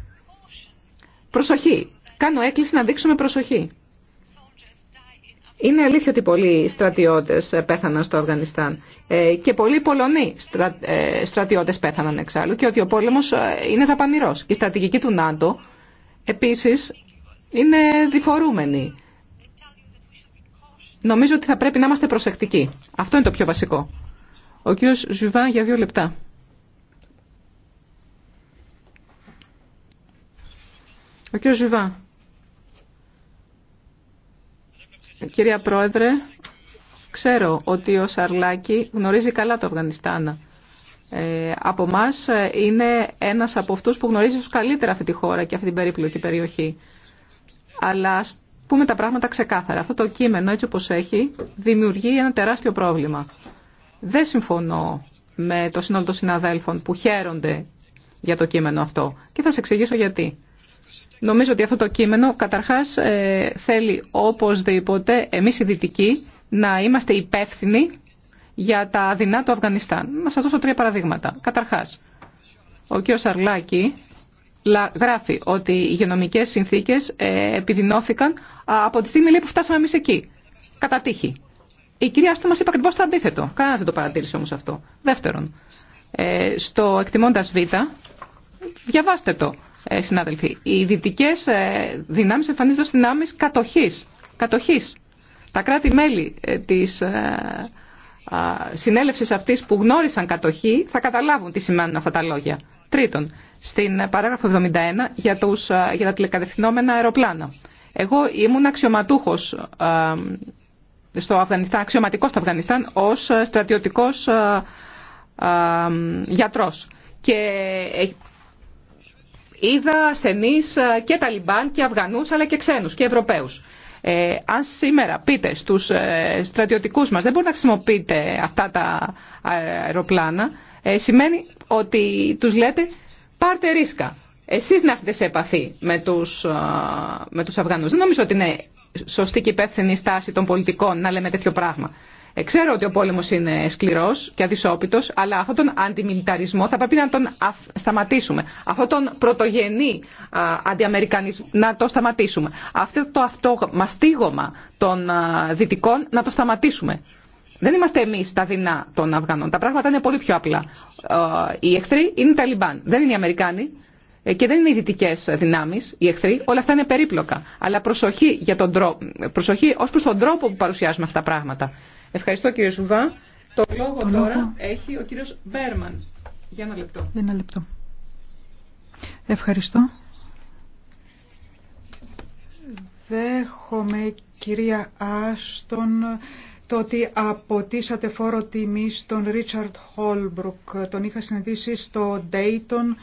Προσοχή. Κάνω έκκληση να δείξουμε προσοχή. Είναι αλήθεια ότι πολλοί στρατιώτες πέθαναν στο Αφγανιστάν ε, και πολλοί Πολωνοί στρα, ε, στρατιώτες πέθαναν εξάλλου και ότι ο πόλεμος ε, είναι δαπανηρός. η στρατηγική του ΝΑΤΟ επίσης είναι διφορούμενη. Νομίζω ότι θα πρέπει να είμαστε προσεκτικοί. Αυτό είναι το πιο βασικό. Ο κύριος Ζουβά για δύο λεπτά. Ο Ζουβά. Κυρία Πρόεδρε, ξέρω ότι ο Σαρλάκη γνωρίζει καλά το Αφγανιστάν. Ε, από εμά είναι ένας από αυτούς που γνωρίζει καλύτερα αυτή τη χώρα και αυτή την περίπλοκη περιοχή. Αλλά ας πούμε τα πράγματα ξεκάθαρα. Αυτό το κείμενο έτσι όπως έχει δημιουργεί ένα τεράστιο πρόβλημα. Δεν συμφωνώ με το σύνολο των συναδέλφων που χαίρονται για το κείμενο αυτό και θα σα εξηγήσω γιατί. Νομίζω ότι αυτό το κείμενο καταρχάς ε, θέλει οπωσδήποτε εμείς οι Δυτικοί να είμαστε υπεύθυνοι για τα δεινά του Αφγανιστάν. Να σας δώσω τρία παραδείγματα. Καταρχάς, ο κ. Σαρλάκη γράφει ότι οι υγειονομικές συνθήκες ε, επιδεινώθηκαν από τη στιγμή που φτάσαμε εμείς εκεί. Κατά τύχη. Η κυρία Άστο μας είπε ακριβώ το αντίθετο. Κανένας δεν το παρατήρησε όμως αυτό. Δεύτερον, ε, στο εκτιμώντας Β, διαβάστε το. Ε, συνάδελφοι, οι δυτικέ ε, δυνάμει εμφανίζονται ω δυνάμει κατοχή. Τα κράτη-μέλη ε, τη συνέλευση αυτή που γνώρισαν κατοχή θα καταλάβουν τι σημαίνουν αυτά τα λόγια. Τρίτον, στην παράγραφο 71 για, τους, για τα τηλεκατευθυνόμενα αεροπλάνα. Εγώ ήμουν αξιωματούχο στο Αφγανιστάν, αξιωματικό στο Αφγανιστάν ω στρατιωτικό γιατρό. Και είδα ασθενεί ε, και Ταλιμπάν και Αφγανούς αλλά και ξένου και Ευρωπαίου. Ε, αν σήμερα πείτε στους ε, στρατιωτικούς μας δεν μπορεί να χρησιμοποιείτε αυτά τα αεροπλάνα, ε, σημαίνει ότι τους λέτε πάρτε ρίσκα. Εσείς να έρθετε σε επαφή με τους, ε, με τους Αφγανούς. Δεν νομίζω ότι είναι σωστή και υπεύθυνη στάση των πολιτικών να λέμε τέτοιο πράγμα. Ε, ξέρω ότι ο πόλεμο είναι σκληρό και αδυσόπιτο, αλλά αυτόν τον αντιμιλιταρισμό θα πρέπει να τον σταματήσουμε. Αυτόν τον πρωτογενή αντιαμερικανισμό να το σταματήσουμε. Αυτό το αυτομαστίγωμα των δυτικών να το σταματήσουμε. Δεν είμαστε εμεί τα δεινά των Αφγανών. Τα πράγματα είναι πολύ πιο απλά. Οι εχθροί είναι οι Ταλιμπάν, δεν είναι οι Αμερικάνοι ε, και δεν είναι οι δυτικέ δυνάμει, οι εχθροί. Όλα αυτά είναι περίπλοκα. Αλλά προσοχή, για τον προσοχή προς τον τρόπο που παρουσιάζουμε αυτά τα πράγματα. Ευχαριστώ κύριε Σουβά. Το λόγο τώρα έχει ο κύριος Μπέρμαν. Για ένα λεπτό. Ένα λεπτό. Ευχαριστώ. Δέχομαι κυρία Άστον το ότι αποτίσατε φόρο τιμή στον Ρίτσαρντ Χόλμπρουκ. Τον είχα συναντήσει στο Ντέιτον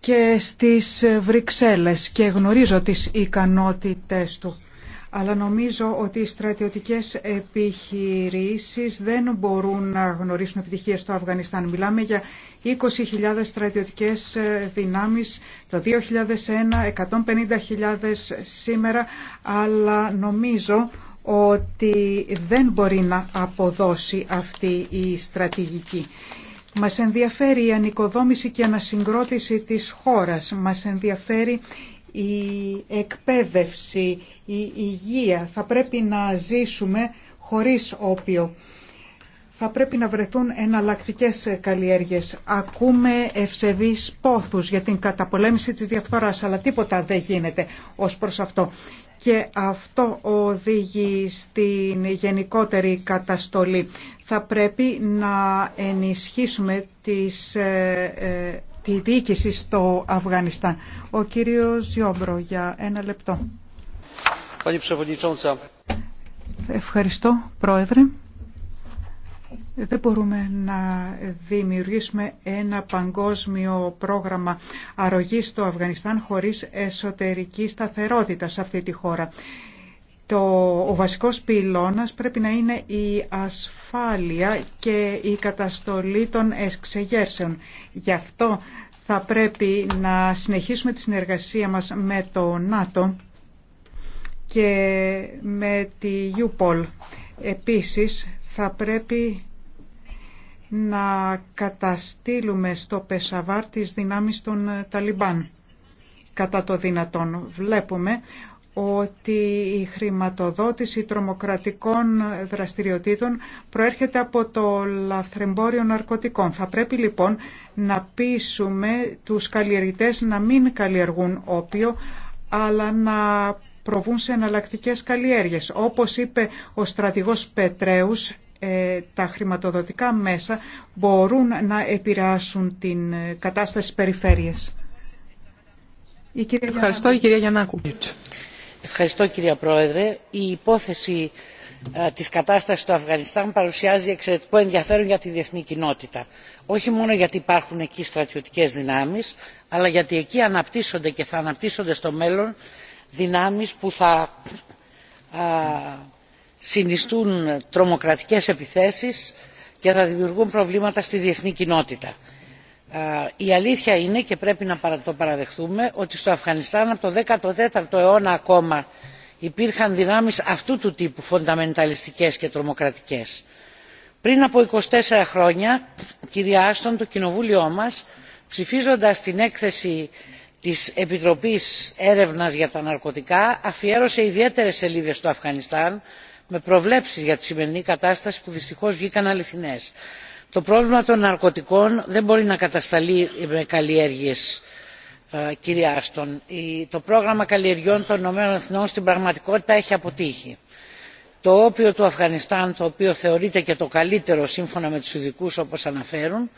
και στις Βρυξέλλες και γνωρίζω τις ικανότητές του αλλά νομίζω ότι οι στρατιωτικές επιχειρήσεις δεν μπορούν να γνωρίσουν επιτυχίες στο Αφγανιστάν. Μιλάμε για 20.000 στρατιωτικές ε, δυνάμεις το 2001, 150.000 σήμερα, αλλά νομίζω ότι δεν μπορεί να αποδώσει αυτή η στρατηγική. Μας ενδιαφέρει η ανοικοδόμηση και ανασυγκρότηση της χώρας. Μας ενδιαφέρει η εκπαίδευση, η υγεία. Θα πρέπει να ζήσουμε χωρίς όπιο. Θα πρέπει να βρεθούν εναλλακτικές καλλιέργειες. Ακούμε ευσεβείς πόθους για την καταπολέμηση της διαφθοράς, αλλά τίποτα δεν γίνεται ως προς αυτό. Και αυτό οδηγεί στην γενικότερη καταστολή. Θα πρέπει να ενισχύσουμε τις ε, ε, τη διοίκηση στο Αφγανιστάν. Ο κύριος Ζιόμπρο για ένα λεπτό. Ευχαριστώ, Πρόεδρε. Δεν μπορούμε να δημιουργήσουμε ένα παγκόσμιο πρόγραμμα αρρωγής στο Αφγανιστάν χωρίς εσωτερική σταθερότητα σε αυτή τη χώρα το, ο βασικός πυλώνας πρέπει να είναι η ασφάλεια και η καταστολή των εξεγέρσεων. Γι' αυτό θα πρέπει να συνεχίσουμε τη συνεργασία μας με το ΝΑΤΟ και με τη UPOL. Επίσης θα πρέπει να καταστήλουμε στο Πεσαβάρ τις δυνάμεις των Ταλιμπάν. Κατά το δυνατόν βλέπουμε ότι η χρηματοδότηση τρομοκρατικών δραστηριοτήτων προέρχεται από το λαθρεμπόριο ναρκωτικών. Θα πρέπει λοιπόν να πείσουμε τους καλλιεργητές να μην καλλιεργούν όπιο, αλλά να προβούν σε εναλλακτικέ καλλιέργειες. Όπως είπε ο στρατηγός Πετρέους, ε, τα χρηματοδοτικά μέσα μπορούν να επηρεάσουν την ε, κατάσταση της περιφέρειας. Ευχαριστώ, η κυρία Ευχαριστώ κυρία Πρόεδρε. Η υπόθεση της κατάστασης στο Αφγανιστάν παρουσιάζει εξαιρετικό ενδιαφέρον για τη διεθνή κοινότητα. Όχι μόνο γιατί υπάρχουν εκεί στρατιωτικές δυνάμεις, αλλά γιατί εκεί αναπτύσσονται και θα αναπτύσσονται στο μέλλον δυνάμεις που θα συνιστούν τρομοκρατικές επιθέσεις και θα δημιουργούν προβλήματα στη διεθνή κοινότητα. Ε, η αλήθεια είναι και πρέπει να το παραδεχθούμε ότι στο αφγανιστάν από τον 14ο αιώνα ακόμα υπήρχαν δυνάμεις αυτού του τύπου φονταμενταλιστικές και τρομοκρατικές. Πριν από 24 χρόνια, κυρία Άστον, το κοινοβούλιο μας ψηφίζοντας την έκθεση της Επιτροπής Έρευνας για τα Ναρκωτικά αφιέρωσε ιδιαίτερες σελίδες στο Αφγανιστάν με προβλέψεις για τη σημερινή κατάσταση που δυστυχώς βγήκαν αληθινές το πρόβλημα των ναρκωτικών δεν μπορεί να κατασταλεί με καλλιέργειες ε, κυρία Άστον. Το πρόγραμμα καλλιεργιών των ΗΠΑ στην πραγματικότητα έχει αποτύχει. Το όπιο του Αφγανιστάν, το οποίο θεωρείται και το καλύτερο σύμφωνα με τους ειδικού όπως αναφέρουν,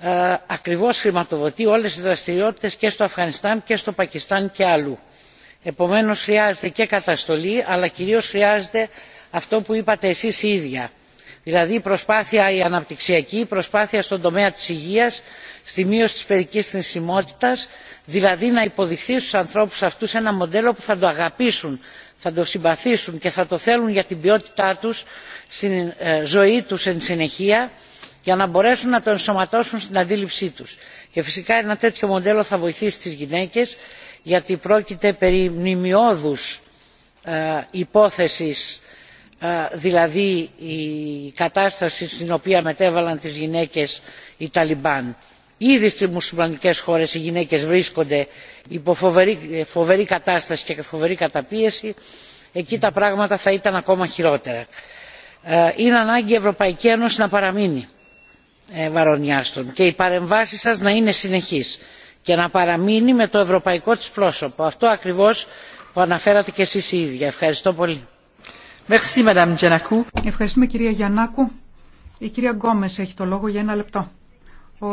ε, ακριβώς χρηματοδοτεί όλες τις δραστηριότητες και στο Αφγανιστάν και στο Πακιστάν και αλλού. Επομένως χρειάζεται και καταστολή αλλά κυρίως χρειάζεται αυτό που είπατε εσείς ίδια δηλαδή η προσπάθεια η αναπτυξιακή η προσπάθεια στον τομέα της υγείας στη μείωση της παιδικής θνησιμότητας δηλαδή να υποδειχθεί στους ανθρώπους αυτούς ένα μοντέλο που θα το αγαπήσουν θα το συμπαθήσουν και θα το θέλουν για την ποιότητά τους στην ε, ζωή τους εν συνεχεία για να μπορέσουν να το ενσωματώσουν στην αντίληψή τους. και φυσικά ένα τέτοιο μοντέλο θα βοηθήσει τις γυναίκες γιατί πρόκειται περί μνημειώδους ε, υπόθεσης ε, δηλαδή η κατάσταση στην οποία μετέβαλαν τις γυναίκες οι ταλιμπάν. ήδη στις μουσουλμανικές χώρες οι γυναίκες βρίσκονται υπό φοβερή κατάσταση και φοβερή καταπίεση εκεί τα πράγματα θα ήταν ακόμα χειρότερα. Ε, είναι ανάγκη η ευρωπαϊκή ένωση να παραμείνει ε, βαρόνια και οι παρεμβάσεις σας να είναι συνεχείς και να παραμείνει με το ευρωπαϊκό της πρόσωπο αυτό ακριβώς που αναφέρατε και εσείς οι ίδια. ευχαριστώ πολύ. Ευχαριστούμε κυρία Γιαννάκου. Η κυρία Γκόμες έχει το λόγο για ένα λεπτό. Ο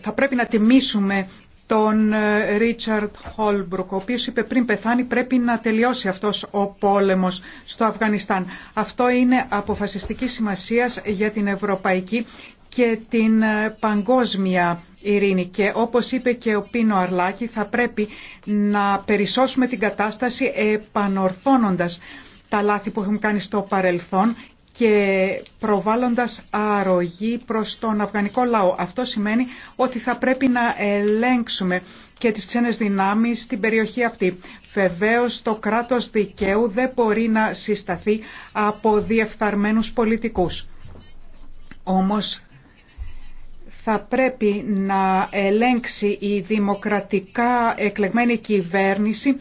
θα πρέπει να τιμήσουμε τον ε, Ρίτσαρντ Χόλμπρουκ, ο οποίος είπε πριν πεθάνει πρέπει να τελειώσει αυτός ο πόλεμος στο Αφγανιστάν. Αυτό είναι αποφασιστική σημασίας για την ευρωπαϊκή και την ε, παγκόσμια ειρήνη και όπως είπε και ο Πίνο Αρλάκη θα πρέπει να περισσώσουμε την κατάσταση επανορθώνοντας τα λάθη που έχουμε κάνει στο παρελθόν και προβάλλοντας αρρωγή προς τον αφγανικό λαό. Αυτό σημαίνει ότι θα πρέπει να ελέγξουμε και τις ξένες δυνάμεις στην περιοχή αυτή. Βεβαίω το κράτος δικαίου δεν μπορεί να συσταθεί από διεφθαρμένους πολιτικούς. Όμως θα πρέπει να ελέγξει η δημοκρατικά εκλεγμένη κυβέρνηση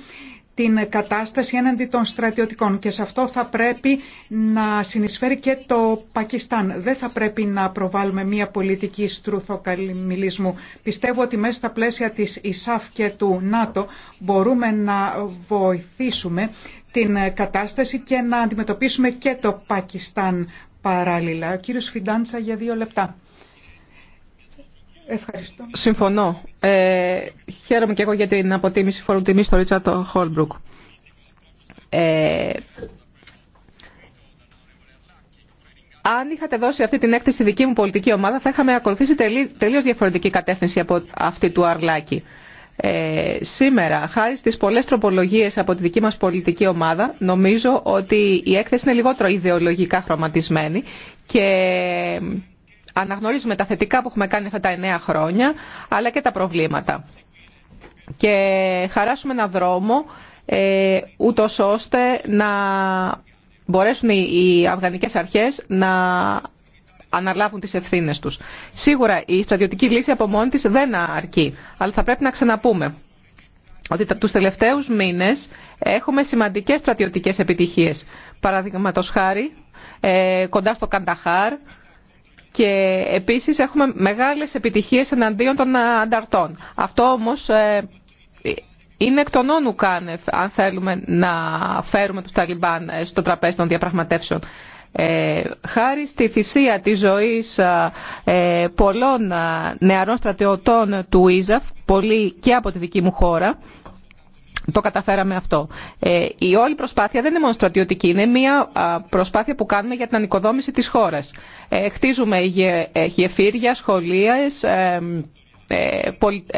την κατάσταση έναντι των στρατιωτικών και σε αυτό θα πρέπει να συνεισφέρει και το Πακιστάν. Δεν θα πρέπει να προβάλλουμε μια πολιτική στρουθοκαλιμιλισμού. Πιστεύω ότι μέσα στα πλαίσια της ΙΣΑΦ και του ΝΑΤΟ μπορούμε να βοηθήσουμε την κατάσταση και να αντιμετωπίσουμε και το Πακιστάν παράλληλα. Ο κύριος Φιντάντσα για δύο λεπτά. Ευχαριστώ. Συμφωνώ. Ε, χαίρομαι και εγώ για την αποτίμηση φορού τιμή στο Ρίτσαρτ Χόλμπρουκ. Ε, αν είχατε δώσει αυτή την έκθεση στη δική μου πολιτική ομάδα, θα είχαμε ακολουθήσει τελείω τελείως διαφορετική κατεύθυνση από αυτή του Αρλάκη. Ε, σήμερα, χάρη στις πολλές τροπολογίες από τη δική μας πολιτική ομάδα, νομίζω ότι η έκθεση είναι λιγότερο ιδεολογικά χρωματισμένη και αναγνωρίζουμε τα θετικά που έχουμε κάνει αυτά τα εννέα χρόνια, αλλά και τα προβλήματα. Και χαράσουμε ένα δρόμο, ε, ώστε να μπορέσουν οι αφγανικές αρχές να αναλάβουν τις ευθύνες τους. Σίγουρα η στρατιωτική λύση από μόνη της δεν αρκεί, αλλά θα πρέπει να ξαναπούμε ότι τους τελευταίους μήνες έχουμε σημαντικές στρατιωτικές επιτυχίες. Παραδείγματος χάρη, ε, κοντά στο Κανταχάρ, και επίσης έχουμε μεγάλες επιτυχίες εναντίον των ε, ανταρτών. Αυτό όμως ε, είναι εκ των όνου κάνευ αν θέλουμε να φέρουμε τους Ταλιμπάν ε, στο τραπέζι των διαπραγματεύσεων. Ε, χάρη στη θυσία της ζωής πολλών νεαρών στρατιωτών του Ίζαφ, πολύ και από τη δική μου χώρα, το καταφέραμε αυτό. Ε, η όλη προσπάθεια δεν είναι μόνο στρατιωτική, είναι μια προσπάθεια που κάνουμε για την ανοικοδόμηση της χώρας. Ε, χτίζουμε γε, ε, γεφύρια, σχολεία,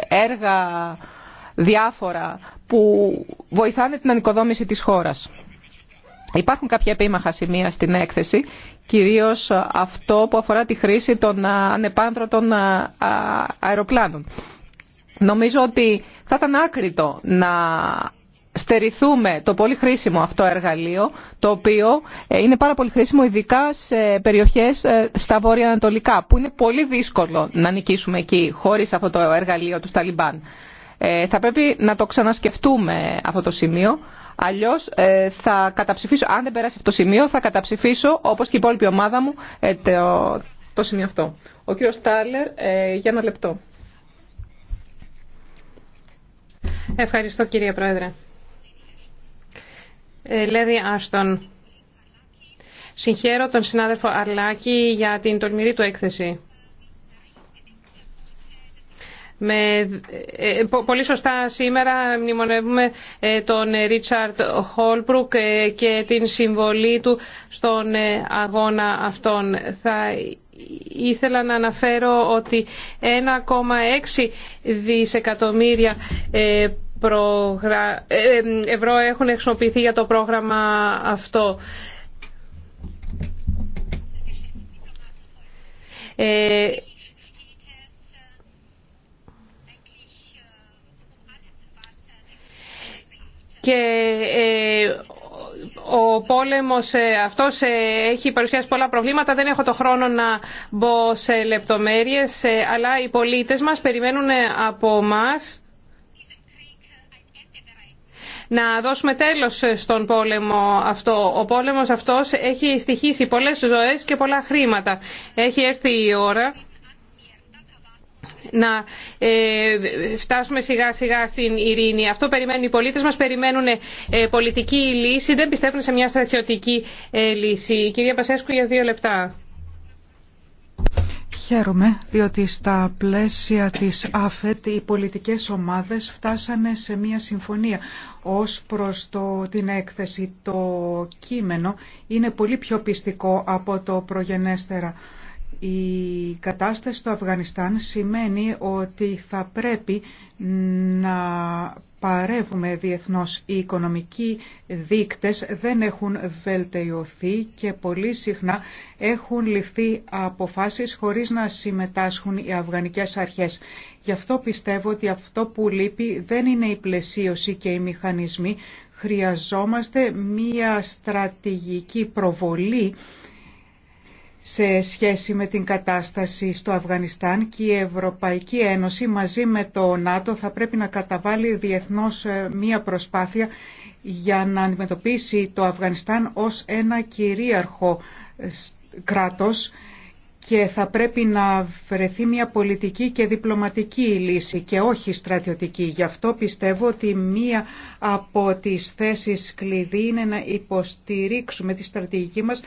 έργα διάφορα που βοηθάνε την ανοικοδόμηση της χώρας. Υπάρχουν κάποια επίμαχα σημεία στην έκθεση, κυρίως αυτό που αφορά τη χρήση των ανεπάνδρωτων αεροπλάνων. Νομίζω ότι θα ήταν άκρητο να στερηθούμε το πολύ χρήσιμο αυτό εργαλείο, το οποίο ε, είναι πάρα πολύ χρήσιμο ειδικά σε περιοχές ε, στα βόρεια ανατολικά, που είναι πολύ δύσκολο να νικήσουμε εκεί χωρίς αυτό το εργαλείο του Ταλιμπάν. Ε, θα πρέπει να το ξανασκεφτούμε αυτό το σημείο, αλλιώς θα καταψηφίσω, αν δεν περάσει αυτό το σημείο, θα καταψηφίσω, όπως και η υπόλοιπη ομάδα μου, το, σημείο αυτό. Ο κύριος Στάλερ, για ένα λεπτό. Ευχαριστώ κύριε Πρόεδρε. Ε, Λέδη Άστον, συγχαίρω τον συνάδελφο Αρλάκη για την τολμηρή του έκθεση. Με, ε, ε, πολύ σωστά σήμερα μνημονεύουμε τον Ρίτσαρτ Χόλπρουκ και την συμβολή του στον αγώνα αυτόν. Θα ήθελα να αναφέρω ότι 1,6 δισεκατομμύρια ε, ε, ευρώ έχουν χρησιμοποιηθεί για το πρόγραμμα αυτό. Ε, και ο πόλεμος ε, αυτός ε, έχει παρουσιάσει πολλά προβλήματα. Δεν έχω το χρόνο να μπω σε λεπτομέρειες, ε, αλλά οι πολίτες μας περιμένουν από μας να δώσουμε τέλος στον πόλεμο αυτό. Ο πόλεμος αυτός έχει στοιχήσει πολλές ζωές και πολλά χρήματα. Έχει έρθει η ώρα να ε, φτάσουμε σιγά σιγά στην ειρήνη. Αυτό περιμένουν οι πολίτες μας, περιμένουν ε, πολιτική λύση, δεν πιστεύουν σε μια στρατιωτική ε, λύση. Κυρία Πασέσκου για δύο λεπτά. Χαίρομαι, διότι στα πλαίσια της ΑΦΕΤ οι πολιτικές ομάδες φτάσανε σε μία συμφωνία ως προς το, την έκθεση. Το κείμενο είναι πολύ πιο πιστικό από το προγενέστερα η κατάσταση στο Αφγανιστάν σημαίνει ότι θα πρέπει να παρεύουμε διεθνώς. Οι οικονομικοί δείκτες δεν έχουν βελτιωθεί και πολύ συχνά έχουν ληφθεί αποφάσεις χωρίς να συμμετάσχουν οι αφγανικές αρχές. Γι' αυτό πιστεύω ότι αυτό που λείπει δεν είναι η πλαισίωση και οι μηχανισμοί. Χρειαζόμαστε μία στρατηγική προβολή σε σχέση με την κατάσταση στο Αφγανιστάν και η Ευρωπαϊκή Ένωση μαζί με το ΝΑΤΟ θα πρέπει να καταβάλει διεθνώς ε, μία προσπάθεια για να αντιμετωπίσει το Αφγανιστάν ως ένα κυρίαρχο ε, κράτος και θα πρέπει να βρεθεί μια πολιτική και διπλωματική λύση και όχι στρατιωτική. Γι' αυτό πιστεύω ότι μία από τις θέσεις κλειδί είναι να υποστηρίξουμε τη στρατηγική μας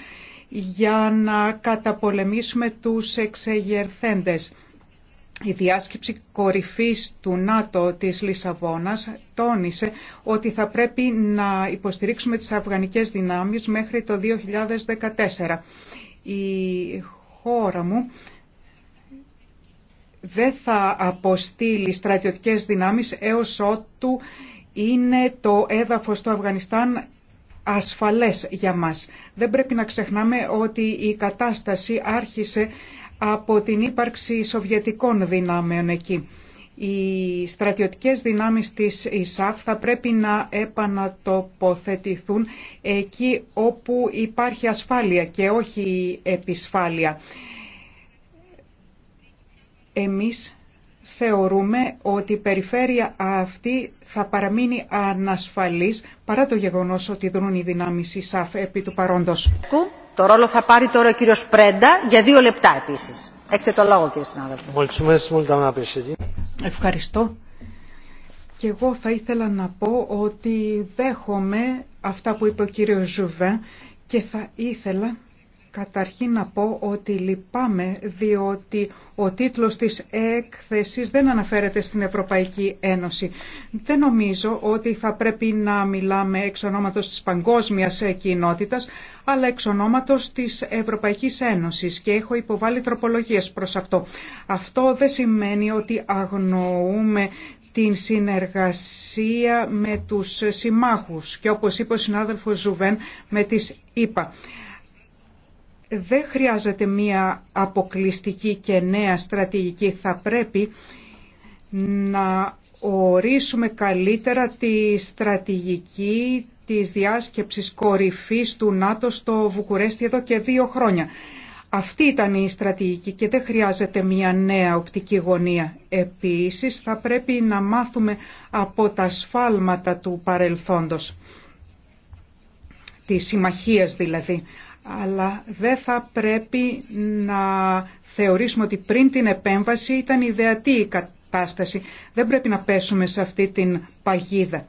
για να καταπολεμήσουμε τους εξεγερθέντες. Η διάσκεψη κορυφής του ΝΑΤΟ της Λισαβόνας τόνισε ότι θα πρέπει να υποστηρίξουμε τις αφγανικές δυνάμεις μέχρι το 2014. Η χώρα μου δεν θα αποστείλει στρατιωτικές δυνάμεις έως ότου είναι το έδαφος του Αφγανιστάν ασφαλές για μας. Δεν πρέπει να ξεχνάμε ότι η κατάσταση άρχισε από την ύπαρξη σοβιετικών δυνάμεων εκεί. Οι στρατιωτικές δυνάμεις της ΙΣΑΦ θα πρέπει να επανατοποθετηθούν εκεί όπου υπάρχει ασφάλεια και όχι επισφάλεια. Εμείς θεωρούμε ότι η περιφέρεια αυτή θα παραμείνει ανασφαλής παρά το γεγονός ότι δρούν οι δυνάμεις ΙΣΑΦ επί του παρόντος. Το ρόλο θα πάρει τώρα ο κύριος Πρέντα για δύο λεπτά επίσης. Έχετε το λόγο κύριε συνάδελφε. Ευχαριστώ. Και εγώ θα ήθελα να πω ότι δέχομαι αυτά που είπε ο κύριος Ζουβέ και θα ήθελα Καταρχήν να πω ότι λυπάμαι διότι ο τίτλος της έκθεσης δεν αναφέρεται στην Ευρωπαϊκή Ένωση. Δεν νομίζω ότι θα πρέπει να μιλάμε εξ ονόματος της παγκόσμιας ε, κοινότητας, αλλά εξ ονόματος της Ευρωπαϊκής Ένωσης και έχω υποβάλει τροπολογίες προς αυτό. Αυτό δεν σημαίνει ότι αγνοούμε την συνεργασία με τους συμμάχους και όπως είπε ο συνάδελφος Ζουβέν με τις ΗΠΑ δεν χρειάζεται μία αποκλειστική και νέα στρατηγική. Θα πρέπει να ορίσουμε καλύτερα τη στρατηγική της διάσκεψης κορυφής του ΝΑΤΟ στο Βουκουρέστι εδώ και δύο χρόνια. Αυτή ήταν η στρατηγική και δεν χρειάζεται μια νέα οπτική γωνία. Επίσης θα πρέπει να μάθουμε από τα σφάλματα του παρελθόντος, τις συμμαχίες δηλαδή αλλά δεν θα πρέπει να θεωρήσουμε ότι πριν την επέμβαση ήταν ιδεατή η κατάσταση. Δεν πρέπει να πέσουμε σε αυτή την παγίδα.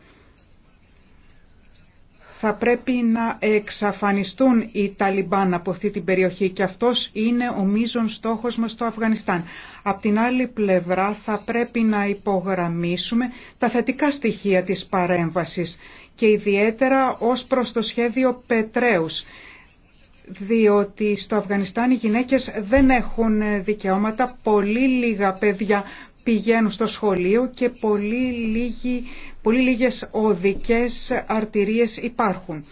Θα πρέπει να εξαφανιστούν οι Ταλιμπάν από αυτή την περιοχή και αυτός είναι ο μείζων στόχος μας στο Αφγανιστάν. Απ' την άλλη πλευρά θα πρέπει να υπογραμμίσουμε τα θετικά στοιχεία της παρέμβασης και ιδιαίτερα ως προς το σχέδιο Πετρέους διότι στο Αφγανιστάν οι γυναίκες δεν έχουν δικαιώματα, πολύ λίγα παιδιά πηγαίνουν στο σχολείο και πολύ, λίγοι, πολύ λίγες οδικές αρτηρίες υπάρχουν.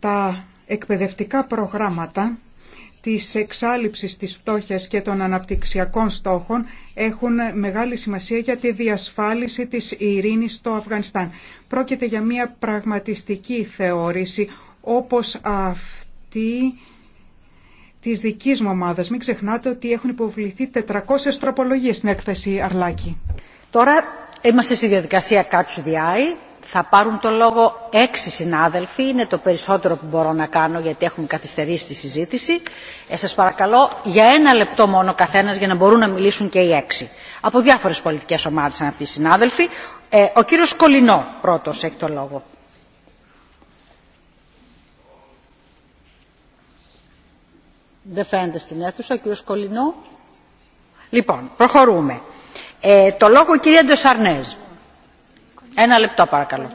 Τα εκπαιδευτικά προγράμματα της εξάλληψης της φτώχειας και των αναπτυξιακών στόχων έχουν μεγάλη σημασία για τη διασφάλιση της ειρήνης στο Αφγανιστάν. Πρόκειται για μια πραγματιστική θεώρηση όπως αυτή της δικής μου ομάδας. Μην ξεχνάτε ότι έχουν υποβληθεί 400 τροπολογίες στην έκθεση Αρλάκη. Τώρα είμαστε στη διαδικασία Catch θα πάρουν το λόγο έξι συνάδελφοι. Είναι το περισσότερο που μπορώ να κάνω γιατί έχουμε καθυστερήσει τη συζήτηση. Ε, σας παρακαλώ για ένα λεπτό μόνο καθένας για να μπορούν να μιλήσουν και οι έξι. Από διάφορες πολιτικές ομάδες είναι αυτοί οι συνάδελφοι. Ε, ο κύριος Κολινό πρώτος έχει το λόγο. Δεν φαίνεται στην αίθουσα ο κύριος Κολινό. Λοιπόν, προχωρούμε. Ε, το λόγο κυρία Ντεσαρνέζ. Ένα λεπτό παρακαλώ.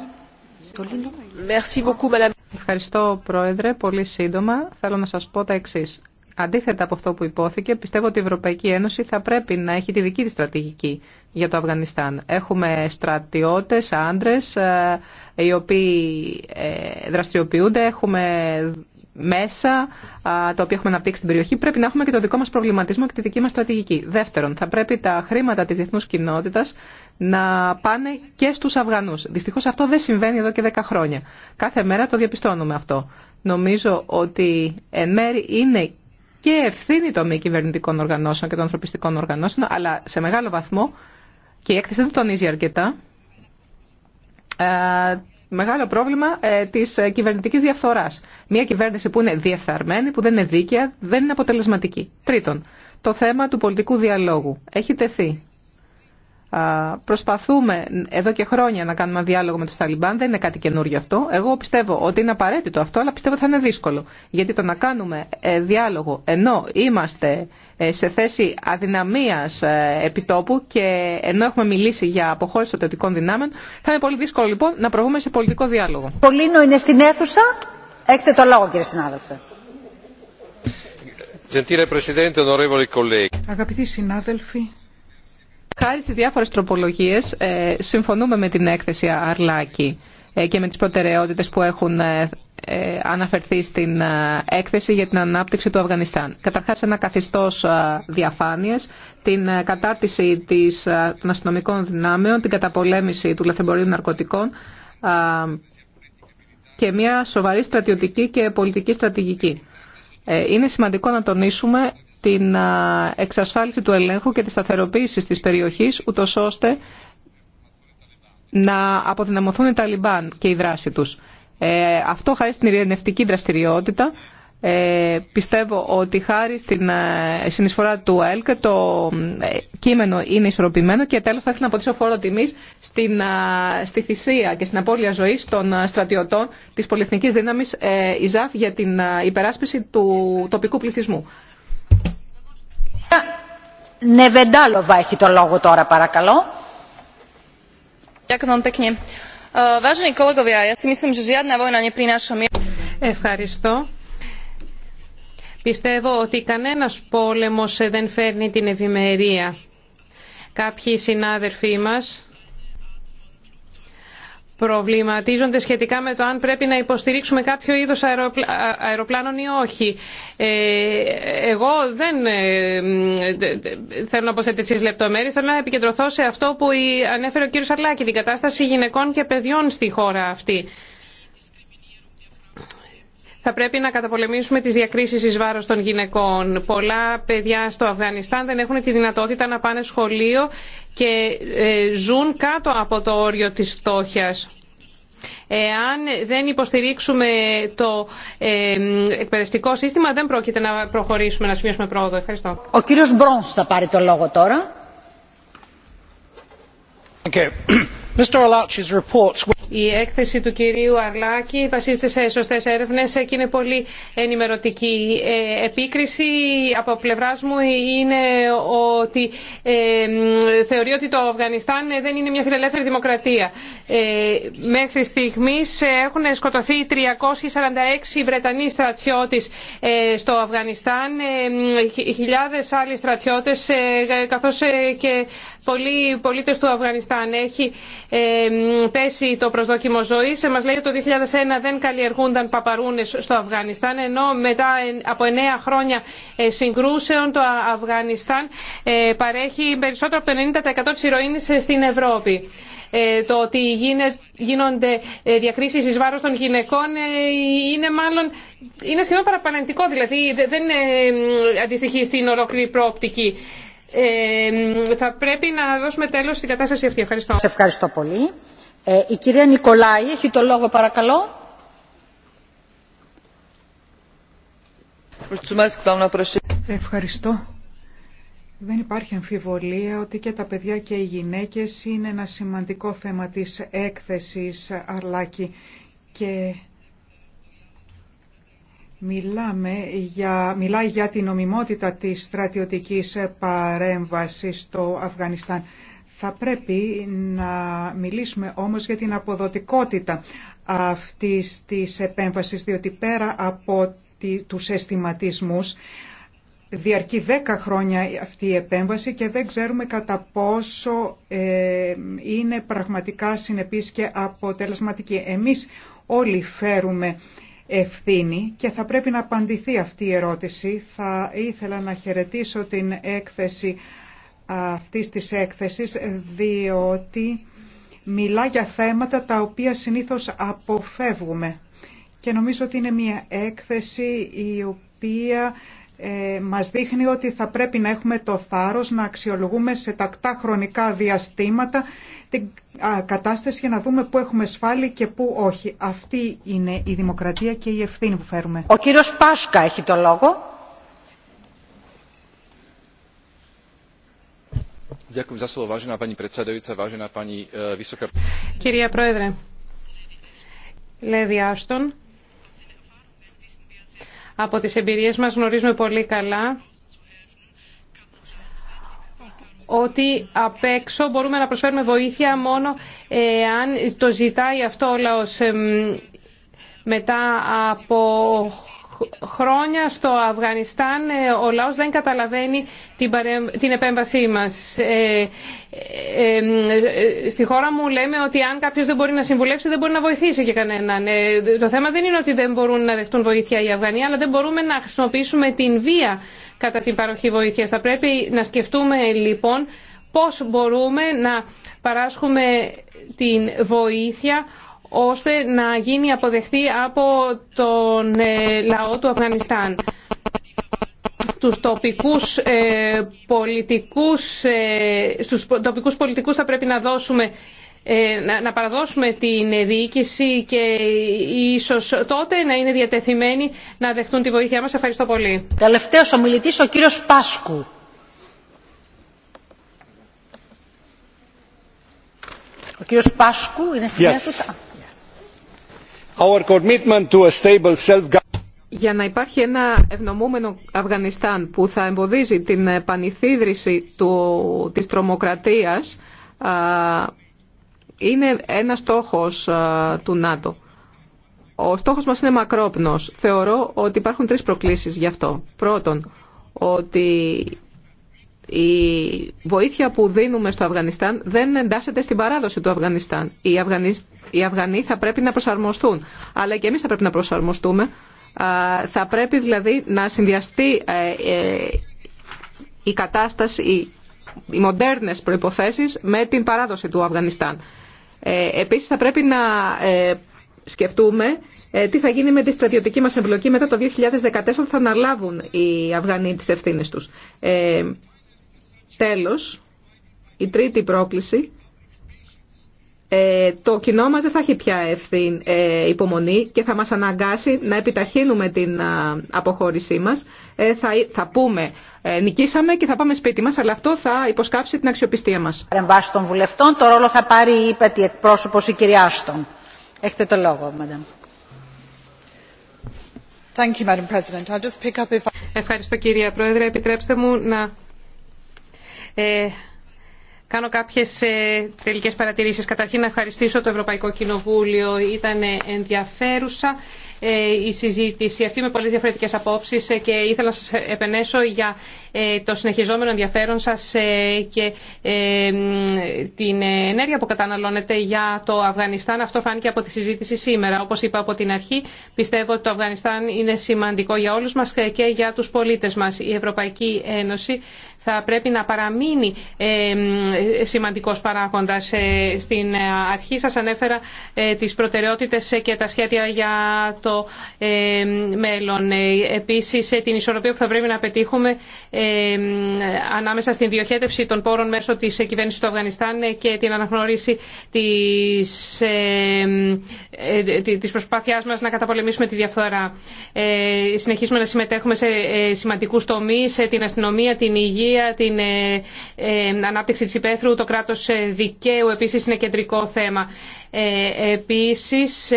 Ευχαριστώ Πρόεδρε. Πολύ σύντομα θέλω να σας πω τα εξής. Αντίθετα από αυτό που υπόθηκε, πιστεύω ότι η Ευρωπαϊκή Ένωση θα πρέπει να έχει τη δική της στρατηγική για το Αφγανιστάν. Έχουμε στρατιώτες, άντρες, ε, οι οποίοι ε, δραστηριοποιούνται, έχουμε μέσα τα οποία έχουμε αναπτύξει στην περιοχή, πρέπει να έχουμε και το δικό μας προβληματισμό και τη δική μας στρατηγική. Δεύτερον, θα πρέπει τα χρήματα της διεθνούς κοινότητας να πάνε και στους Αφγανούς. Δυστυχώς αυτό δεν συμβαίνει εδώ και 10 χρόνια. Κάθε μέρα το διαπιστώνουμε αυτό. Νομίζω ότι εν μέρη είναι και ευθύνη των μη κυβερνητικών οργανώσεων και των ανθρωπιστικών οργανώσεων, αλλά σε μεγάλο βαθμό και η έκθεση δεν τονίζει αρκετά, ε, μεγάλο πρόβλημα ε, της κυβερνητικής διαφθοράς. Μια κυβέρνηση που είναι διεφθαρμένη, που δεν είναι δίκαια, δεν είναι αποτελεσματική. Τρίτον, το θέμα του πολιτικού διαλόγου. Έχει τεθεί. Προσπαθούμε εδώ και χρόνια να κάνουμε διάλογο με τους Ταλιμπάν. Δεν είναι κάτι καινούριο αυτό. Εγώ πιστεύω ότι είναι απαραίτητο αυτό, αλλά πιστεύω ότι θα είναι δύσκολο. Γιατί το να κάνουμε ε, διάλογο ενώ είμαστε ε, σε θέση αδυναμίας ε, επιτόπου και ενώ έχουμε μιλήσει για αποχώρηση των τετικών δυνάμεων, θα είναι πολύ δύσκολο λοιπόν να προβούμε σε πολιτικό διάλογο. Πολύνο είναι στην αίθουσα. Έχετε το λόγο κύριε συνάδελφε. Αγαπητοί συνάδελφοι, χάρη στι διάφορες τροπολογίες ε, συμφωνούμε με την έκθεση Αρλάκη και με τι προτεραιότητε που έχουν ε, αναφερθεί στην ε, έκθεση για την ανάπτυξη του Αφγανιστάν. Καταρχάς ένα καθιστός ε, διαφάνειας, την κατάρτιση της, των αστυνομικών δυνάμεων, την καταπολέμηση του λαθρεμπορίου ναρκωτικών και μια σοβαρή στρατιωτική και πολιτική στρατηγική. Είναι σημαντικό να τονίσουμε την εξασφάλιση του ελέγχου και της σταθεροποίηση της περιοχής, ούτως ώστε να αποδυναμωθούν οι Ταλιμπάν και η δράση τους. Ε, αυτό χάρη στην ειρηνευτική δραστηριότητα. Ε, πιστεύω ότι χάρη στην ε, συνεισφορά του ΕΛΚΕ το κείμενο είναι ισορροπημένο και τέλος θα ήθελα να αποτύσω φόρο τιμής στην, στη θυσία και στην απώλεια ζωής των στρατιωτών της πολυεθνικής δύναμης ΙΖΑΦ για την υπεράσπιση του τοπικού πληθυσμού. Νεβεντάλοβα έχει το λόγο τώρα παρακαλώ. Ε, Ευχαριστώ. Πιστεύω ότι κανένας πόλεμος δεν φέρνει την ευημερία. Κάποιοι συνάδελφοί μας προβληματίζονται σχετικά με το αν πρέπει να υποστηρίξουμε κάποιο είδος αεροπλάνων ή όχι. Ε, εγώ δεν ε, θέλω να πω σε τέτοιες λεπτομέρειες, θέλω να επικεντρωθώ σε αυτό που ανέφερε ο κύριος Αρλάκη, την κατάσταση γυναικών και παιδιών στη χώρα αυτή θα πρέπει να καταπολεμήσουμε τις διακρίσεις εις βάρος των γυναικών. Πολλά παιδιά στο Αφγανιστάν δεν έχουν τη δυνατότητα να πάνε σχολείο και ε, ζουν κάτω από το όριο της φτώχειας. Εάν δεν υποστηρίξουμε το ε, εκπαιδευτικό σύστημα, δεν πρόκειται να προχωρήσουμε, να σημειώσουμε πρόοδο. Ευχαριστώ. Ο κύριος Μπρόνς θα πάρει το λόγο τώρα. Η έκθεση του κυρίου Αρλάκη βασίζεται σε σωστέ έρευνε και είναι πολύ ενημερωτική. Ε, επίκριση από πλευρά μου είναι ότι ε, θεωρεί ότι το Αφγανιστάν ε, δεν είναι μια φιλελεύθερη δημοκρατία. Μέχρι στιγμή έχουν σκοτωθεί 346 Βρετανοί στρατιώτε στο Αφγανιστάν, χιλιάδε άλλοι στρατιώτε καθώ και πολλοί πολίτες του Αφγανιστάν. Έχει ε, πέσει το προσδόκιμο ζωής. Ε, μας λέει ότι το 2001 δεν καλλιεργούνταν παπαρούνες στο Αφγανιστάν, ενώ μετά ε, από εννέα χρόνια συγκρούσεων το Αφγανιστάν παρέχει περισσότερο από το 90% της ηρωίνης στην Ευρώπη το ότι γίνονται διακρίσεις εις βάρος των γυναικών είναι μάλλον είναι σχεδόν παραπανεντικό δηλαδή δεν αντιστοιχεί στην ολόκληρη προοπτική θα πρέπει να δώσουμε τέλος στην κατάσταση αυτή. Ευχαριστώ. Σε ευχαριστώ πολύ. Ε, η κυρία Νικολάη έχει το λόγο παρακαλώ. Ευχαριστώ. Δεν υπάρχει αμφιβολία ότι και τα παιδιά και οι γυναίκες είναι ένα σημαντικό θέμα της έκθεσης Αρλάκη και Μιλάμε για, μιλάει για την νομιμότητα της στρατιωτικής παρέμβασης στο Αφγανιστάν. Θα πρέπει να μιλήσουμε όμως για την αποδοτικότητα αυτής της επέμβασης, διότι πέρα από τους αισθηματισμούς διαρκεί 10 χρόνια αυτή η επέμβαση και δεν ξέρουμε κατά πόσο ε, είναι πραγματικά συνεπής και αποτελεσματική. Εμείς όλοι φέρουμε και θα πρέπει να απαντηθεί αυτή η ερώτηση. Θα ήθελα να χαιρετήσω την έκθεση αυτής της έκθεσης διότι μιλά για θέματα τα οποία συνήθως αποφεύγουμε και νομίζω ότι είναι μια έκθεση η οποία ε, μας δείχνει ότι θα πρέπει να έχουμε το θάρρος να αξιολογούμε σε τακτά χρονικά διαστήματα την κατάσταση για να δούμε πού έχουμε σφάλει και πού όχι. Αυτή είναι η δημοκρατία και η ευθύνη που φέρουμε. Ο κύριος Πάσκα έχει το λόγο. E, Κυρία Πρόεδρε, λέει Άστον, από τις εμπειρίες μας γνωρίζουμε πολύ καλά ότι απ' έξω μπορούμε να προσφέρουμε βοήθεια μόνο αν το ζητάει αυτό ο λαός μετά από χρόνια στο Αφγανιστάν ε, ο λαός δεν καταλαβαίνει την επέμβασή μας. Ε, ε, στη χώρα μου λέμε ότι αν κάποιος δεν μπορεί να συμβουλεύσει δεν μπορεί να βοηθήσει και κανέναν. Το θέμα δεν είναι ότι δεν μπορούν να δεχτούν βοήθεια οι Αφγανοί αλλά δεν μπορούμε να χρησιμοποιήσουμε την βία κατά την παροχή βοήθειας. Θα πρέπει να σκεφτούμε λοιπόν πώς μπορούμε να παράσχουμε την βοήθεια ώστε να γίνει αποδεχτή από τον ε, λαό του Αφγανιστάν τους τοπικούς ε, πολιτικούς, ε, στους τοπικούς πολιτικούς θα πρέπει να δώσουμε ε, να, να παραδώσουμε την διοίκηση και ίσως τότε να είναι διατεθειμένοι να δεχτούν τη βοήθειά μας. Ευχαριστώ πολύ. Τελευταίος ομιλητής ο κύριος Πάσκου. Ο κύριος Πάσκου είναι στη yes για να υπάρχει ένα ευνομούμενο Αφγανιστάν που θα εμποδίζει την επανηθίδρυση του, της τρομοκρατίας είναι ένα στόχος του ΝΑΤΟ. Ο στόχος μας είναι μακρόπνος. Θεωρώ ότι υπάρχουν τρεις προκλήσεις γι' αυτό. Πρώτον, ότι η βοήθεια που δίνουμε στο Αφγανιστάν δεν εντάσσεται στην παράδοση του Αφγανιστάν. Οι Αφγανοί, θα πρέπει να προσαρμοστούν, αλλά και εμείς θα πρέπει να προσαρμοστούμε. Θα πρέπει δηλαδή να συνδυαστεί ε, ε, η κατάσταση, οι μοντέρνες προϋποθέσεις με την παράδοση του Αφγανιστάν. Ε, επίσης θα πρέπει να σκεφτούμε τι θα γίνει με τη στρατιωτική μας εμπλοκή μετά το 2014 θα αναλάβουν οι Αφγανοί τις ευθύνες τους. Τέλος, η τρίτη πρόκληση. Ε, το κοινό μας δεν θα έχει πια ευθύν, ε, υπομονή και θα μας αναγκάσει να επιταχύνουμε την αποχώρησή μας. Ε, θα, θα πούμε ε, νικήσαμε και θα πάμε σπίτι μας, αλλά αυτό θα υποσκάψει την αξιοπιστία μας. Παρεμβάσει των βουλευτών, το ρόλο θα πάρει η εκπρόσωπος η Έχετε Ευχαριστώ κύριε Πρόεδρε. Επιτρέψτε μου να ε, κάνω κάποιες τελικέ τελικές παρατηρήσεις. Καταρχήν να ευχαριστήσω το Ευρωπαϊκό Κοινοβούλιο. Ήταν ενδιαφέρουσα ε, η συζήτηση αυτή με πολλές διαφορετικές απόψεις ε, και ήθελα να σας επενέσω για ε, το συνεχιζόμενο ενδιαφέρον σας ε, και ε, την ενέργεια που καταναλώνετε για το Αφγανιστάν. Αυτό φάνηκε από τη συζήτηση σήμερα. Όπως είπα από την αρχή, πιστεύω ότι το Αφγανιστάν είναι σημαντικό για όλους μας και για τους πολίτες μας. Η Ευρωπαϊκή Ένωση θα πρέπει να παραμείνει σημαντικός παράγοντας. Στην αρχή σας ανέφερα τις προτεραιότητες και τα σχέδια για το μέλλον. Επίσης, την ισορροπία που θα πρέπει να πετύχουμε ανάμεσα στην διοχέτευση των πόρων μέσω της κυβέρνησης του Αφγανιστάν και την αναγνώριση της, ε, της προσπάθειάς μας να καταπολεμήσουμε τη διαφθορά. Ε, συνεχίζουμε να συμμετέχουμε σε ε, σημαντικούς τομείς, σε την αστυνομία, την υγεία, την ανάπτυξη της υπαίθρου, το κράτος δικαίου επίσης είναι κεντρικό θέμα. Επίσης,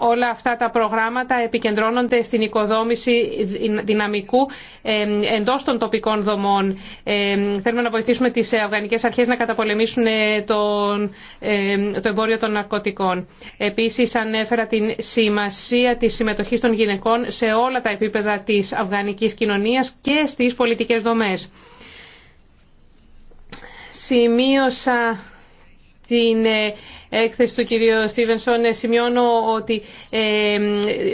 όλα αυτά τα προγράμματα επικεντρώνονται στην οικοδόμηση δυναμικού εντός των τοπικών δομών. Θέλουμε να βοηθήσουμε τις ε, αφγανικές αρχές να καταπολεμήσουν ε, τον, το εμπόριο των ναρκωτικών. Επίσης ανέφερα την σημασία της συμμετοχής των γυναικών σε όλα τα επίπεδα της αφγανικής κοινωνίας και στις πολιτικές δομές. Σημείωσα την ε, έκθεση του κυρίου Στίβενσον ε, σημειώνω ότι ε,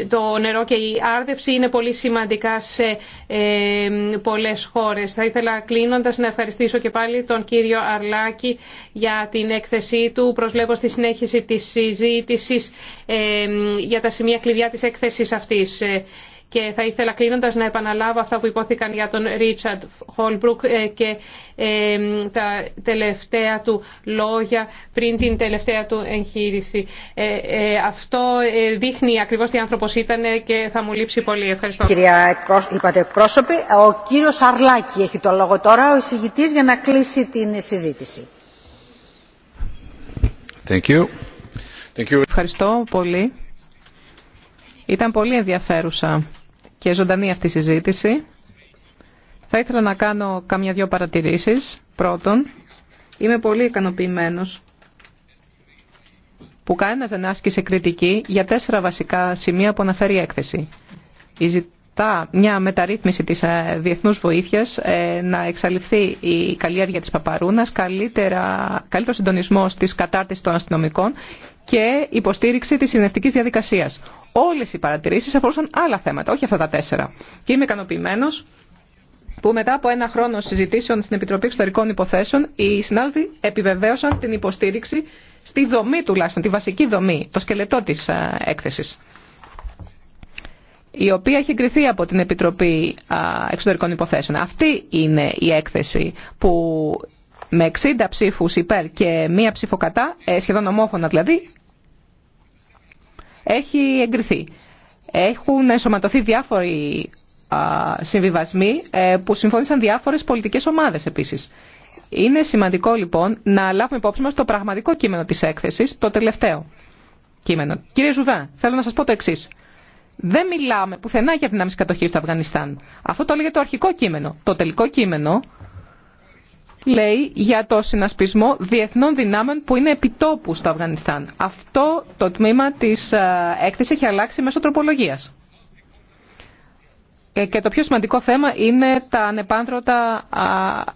το νερό και η άρδευση είναι πολύ σημαντικά σε ε, πολλές χώρες. Θα ήθελα κλείνοντας να ευχαριστήσω και πάλι τον κύριο Αρλάκη για την έκθεσή του. Προσβλέπω στη συνέχιση της συζήτησης για τα σημεία κλειδιά της έκθεσης αυτής και θα ήθελα κλείνοντας να επαναλάβω αυτά που υπόθηκαν για τον Ρίτσαρντ Χόλμπρουκ ε, και ε, τα τελευταία του λόγια πριν την τελευταία του εγχείρηση. Ε, αυτό δείχνει ακριβώς τι άνθρωπος ήταν και θα μου λείψει πολύ. Ευχαριστώ. Κυρία είπατε εκπρόσωπη, ο κύριος Αρλάκη έχει το λόγο τώρα, ο εισηγητής για να κλείσει την συζήτηση. Ευχαριστώ πολύ. Ήταν πολύ ενδιαφέρουσα και ζωντανή αυτή η συζήτηση. Θα ήθελα να κάνω κάμια δύο παρατηρήσεις. Πρώτον, είμαι πολύ ικανοποιημένο που κανένα δεν άσκησε κριτική για τέσσερα βασικά σημεία που αναφέρει η έκθεση μια μεταρρύθμιση της ε, διεθνούς βοήθειας, ε, να εξαλειφθεί η καλλιέργεια της παπαρούνας, καλύτερα, καλύτερο συντονισμό της κατάρτισης των αστυνομικών και υποστήριξη της συνεχτικής διαδικασίας. Όλες οι παρατηρήσεις αφορούσαν άλλα θέματα, όχι αυτά τα τέσσερα. Και είμαι ικανοποιημένο που μετά από ένα χρόνο συζητήσεων στην Επιτροπή Εξωτερικών Υποθέσεων, οι συνάδελφοι επιβεβαίωσαν την υποστήριξη στη δομή τουλάχιστον, τη βασική δομή, το σκελετό της ε, έκθεσης η οποία έχει εγκριθεί από την Επιτροπή Εξωτερικών Υποθέσεων. Αυτή είναι η έκθεση που με 60 ψήφους υπέρ και μία ψήφο κατά, ε, σχεδόν ομόφωνα δηλαδή, έχει εγκριθεί. Έχουν ενσωματωθεί διάφοροι συμβιβασμοί ε, που συμφώνησαν διάφορες πολιτικές ομάδες επίσης. Είναι σημαντικό λοιπόν να λάβουμε υπόψη μας το πραγματικό κείμενο της έκθεσης, το τελευταίο κείμενο. Κύριε Ζουβά, θέλω να σας πω το εξής. Δεν μιλάμε πουθενά για δυνάμεις κατοχή του Αφγανιστάν. Αυτό το έλεγε το αρχικό κείμενο. Το τελικό κείμενο λέει για το συνασπισμό διεθνών δυνάμεων που είναι επιτόπου στο Αφγανιστάν. Αυτό το τμήμα της ε, έκθεσης έχει αλλάξει μέσω τροπολογίας. Ε, και το πιο σημαντικό θέμα είναι τα ανεπάνθρωτα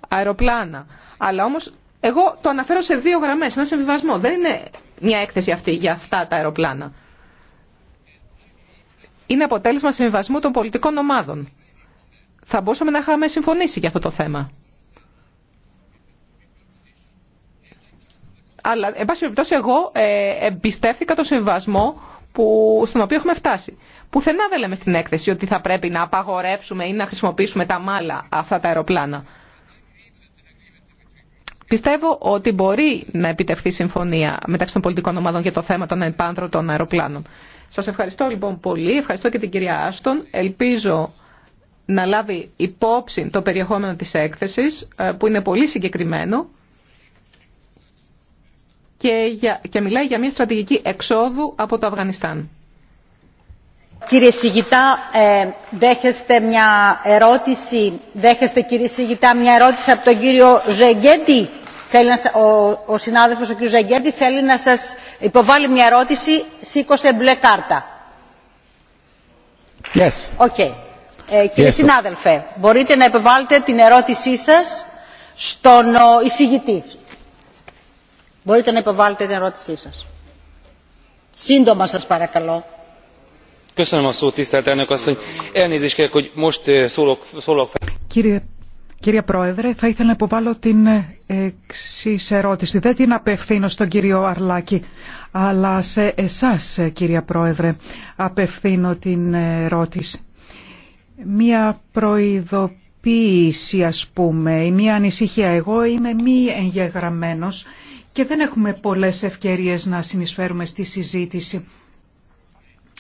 αεροπλάνα. Αλλά όμως εγώ το αναφέρω σε δύο γραμμές, ένα συμβιβασμό. Δεν είναι μια έκθεση αυτή για αυτά τα αεροπλάνα είναι αποτέλεσμα συμβασμού των πολιτικών ομάδων. Θα μπορούσαμε να είχαμε συμφωνήσει για αυτό το θέμα. Αλλά, εν πάση περιπτώσει, εγώ ε, εμπιστεύτηκα τον συμβασμό που, στον οποίο έχουμε φτάσει. Πουθενά δεν λέμε στην έκθεση ότι θα πρέπει να απαγορεύσουμε ή να χρησιμοποιήσουμε τα μάλα αυτά τα αεροπλάνα. Πιστεύω ότι μπορεί να επιτευχθεί συμφωνία μεταξύ των πολιτικών ομάδων για το θέμα των επάνδρων αεροπλάνων. Σας ευχαριστώ λοιπόν πολύ, ευχαριστώ και την κυρία Άστον. Ελπίζω να λάβει υπόψη το περιεχόμενο της έκθεσης, ε, που είναι πολύ συγκεκριμένο και, για, και μιλάει για μια στρατηγική εξόδου από το Αφγανιστάν. Κύριε Σιγητά, ε, δέχεστε μια ερώτηση, δέχεστε κύριε Σιγητά μια ερώτηση από τον κύριο Ζεγκέντη να, ο, ο συνάδελφος ο κ. Ζαγκέντη θέλει να σας υποβάλει μια ερώτηση. Σήκωσε μπλε κάρτα. Yes. Okay. Ε, κύριε συνάδελφε, μπορείτε να υποβάλλετε την ερώτησή σας στον εισηγητή. Μπορείτε να υποβάλλετε την ερώτησή σας. Σύντομα σας παρακαλώ. Κύριε Κύριε Πρόεδρε, θα ήθελα να υποβάλω την εξή ερώτηση. Δεν την απευθύνω στον κύριο Αρλάκη, αλλά σε εσάς, κύριε Πρόεδρε, απευθύνω την ερώτηση. Μία προειδοποίηση, ας πούμε, ή μία ανησυχία. Εγώ είμαι μη εγγεγραμμένος και δεν έχουμε πολλές ευκαιρίες να συνεισφέρουμε στη συζήτηση.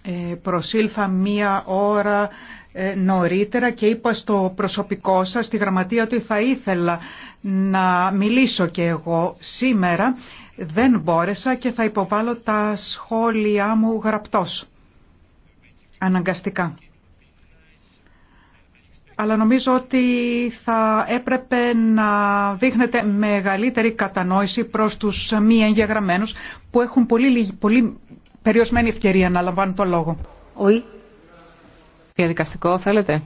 Ε, προσήλθα μία ώρα ε, νωρίτερα και είπα στο προσωπικό σας, στη γραμματεία, ότι θα ήθελα να μιλήσω και εγώ σήμερα. Δεν μπόρεσα και θα υποβάλω τα σχόλιά μου γραπτός, αναγκαστικά. Αλλά νομίζω ότι θα έπρεπε να δείχνετε μεγαλύτερη κατανόηση προς τους μη εγγεγραμμένους που έχουν πολύ, πολύ περιορισμένη ευκαιρία να λαμβάνουν το λόγο. Oui. Διαδικαστικό θέλετε.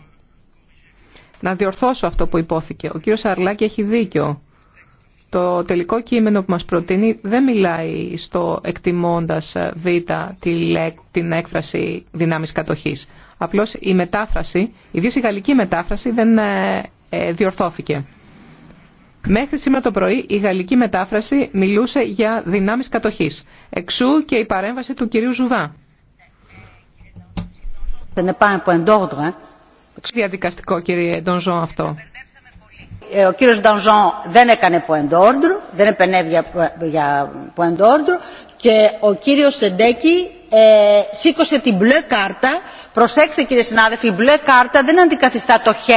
Να διορθώσω αυτό που υπόθηκε. Ο κύριος Σαρλάκη έχει δίκιο. Το τελικό κείμενο που μας προτείνει δεν μιλάει στο εκτιμώντας ε, β την έκφραση δυνάμεις κατοχής. Απλώς η μετάφραση, η η γαλλική μετάφραση δεν ε, ε, διορθώθηκε. Μέχρι σήμερα το πρωί η γαλλική μετάφραση μιλούσε για δυνάμεις κατοχής. Εξού και η παρέμβαση του κυρίου Ζουβά. Διαδικαστικό, κύριε Ντονζόν, αυτό. Ε, ο κύριος Ντανζόν δεν έκανε point order, δεν επενέβη για, για point order και ο κύριος Σεντέκη ε, σήκωσε την μπλε κάρτα. Προσέξτε κύριε συνάδελφοι, η μπλε κάρτα δεν αντικαθιστά το χέρι.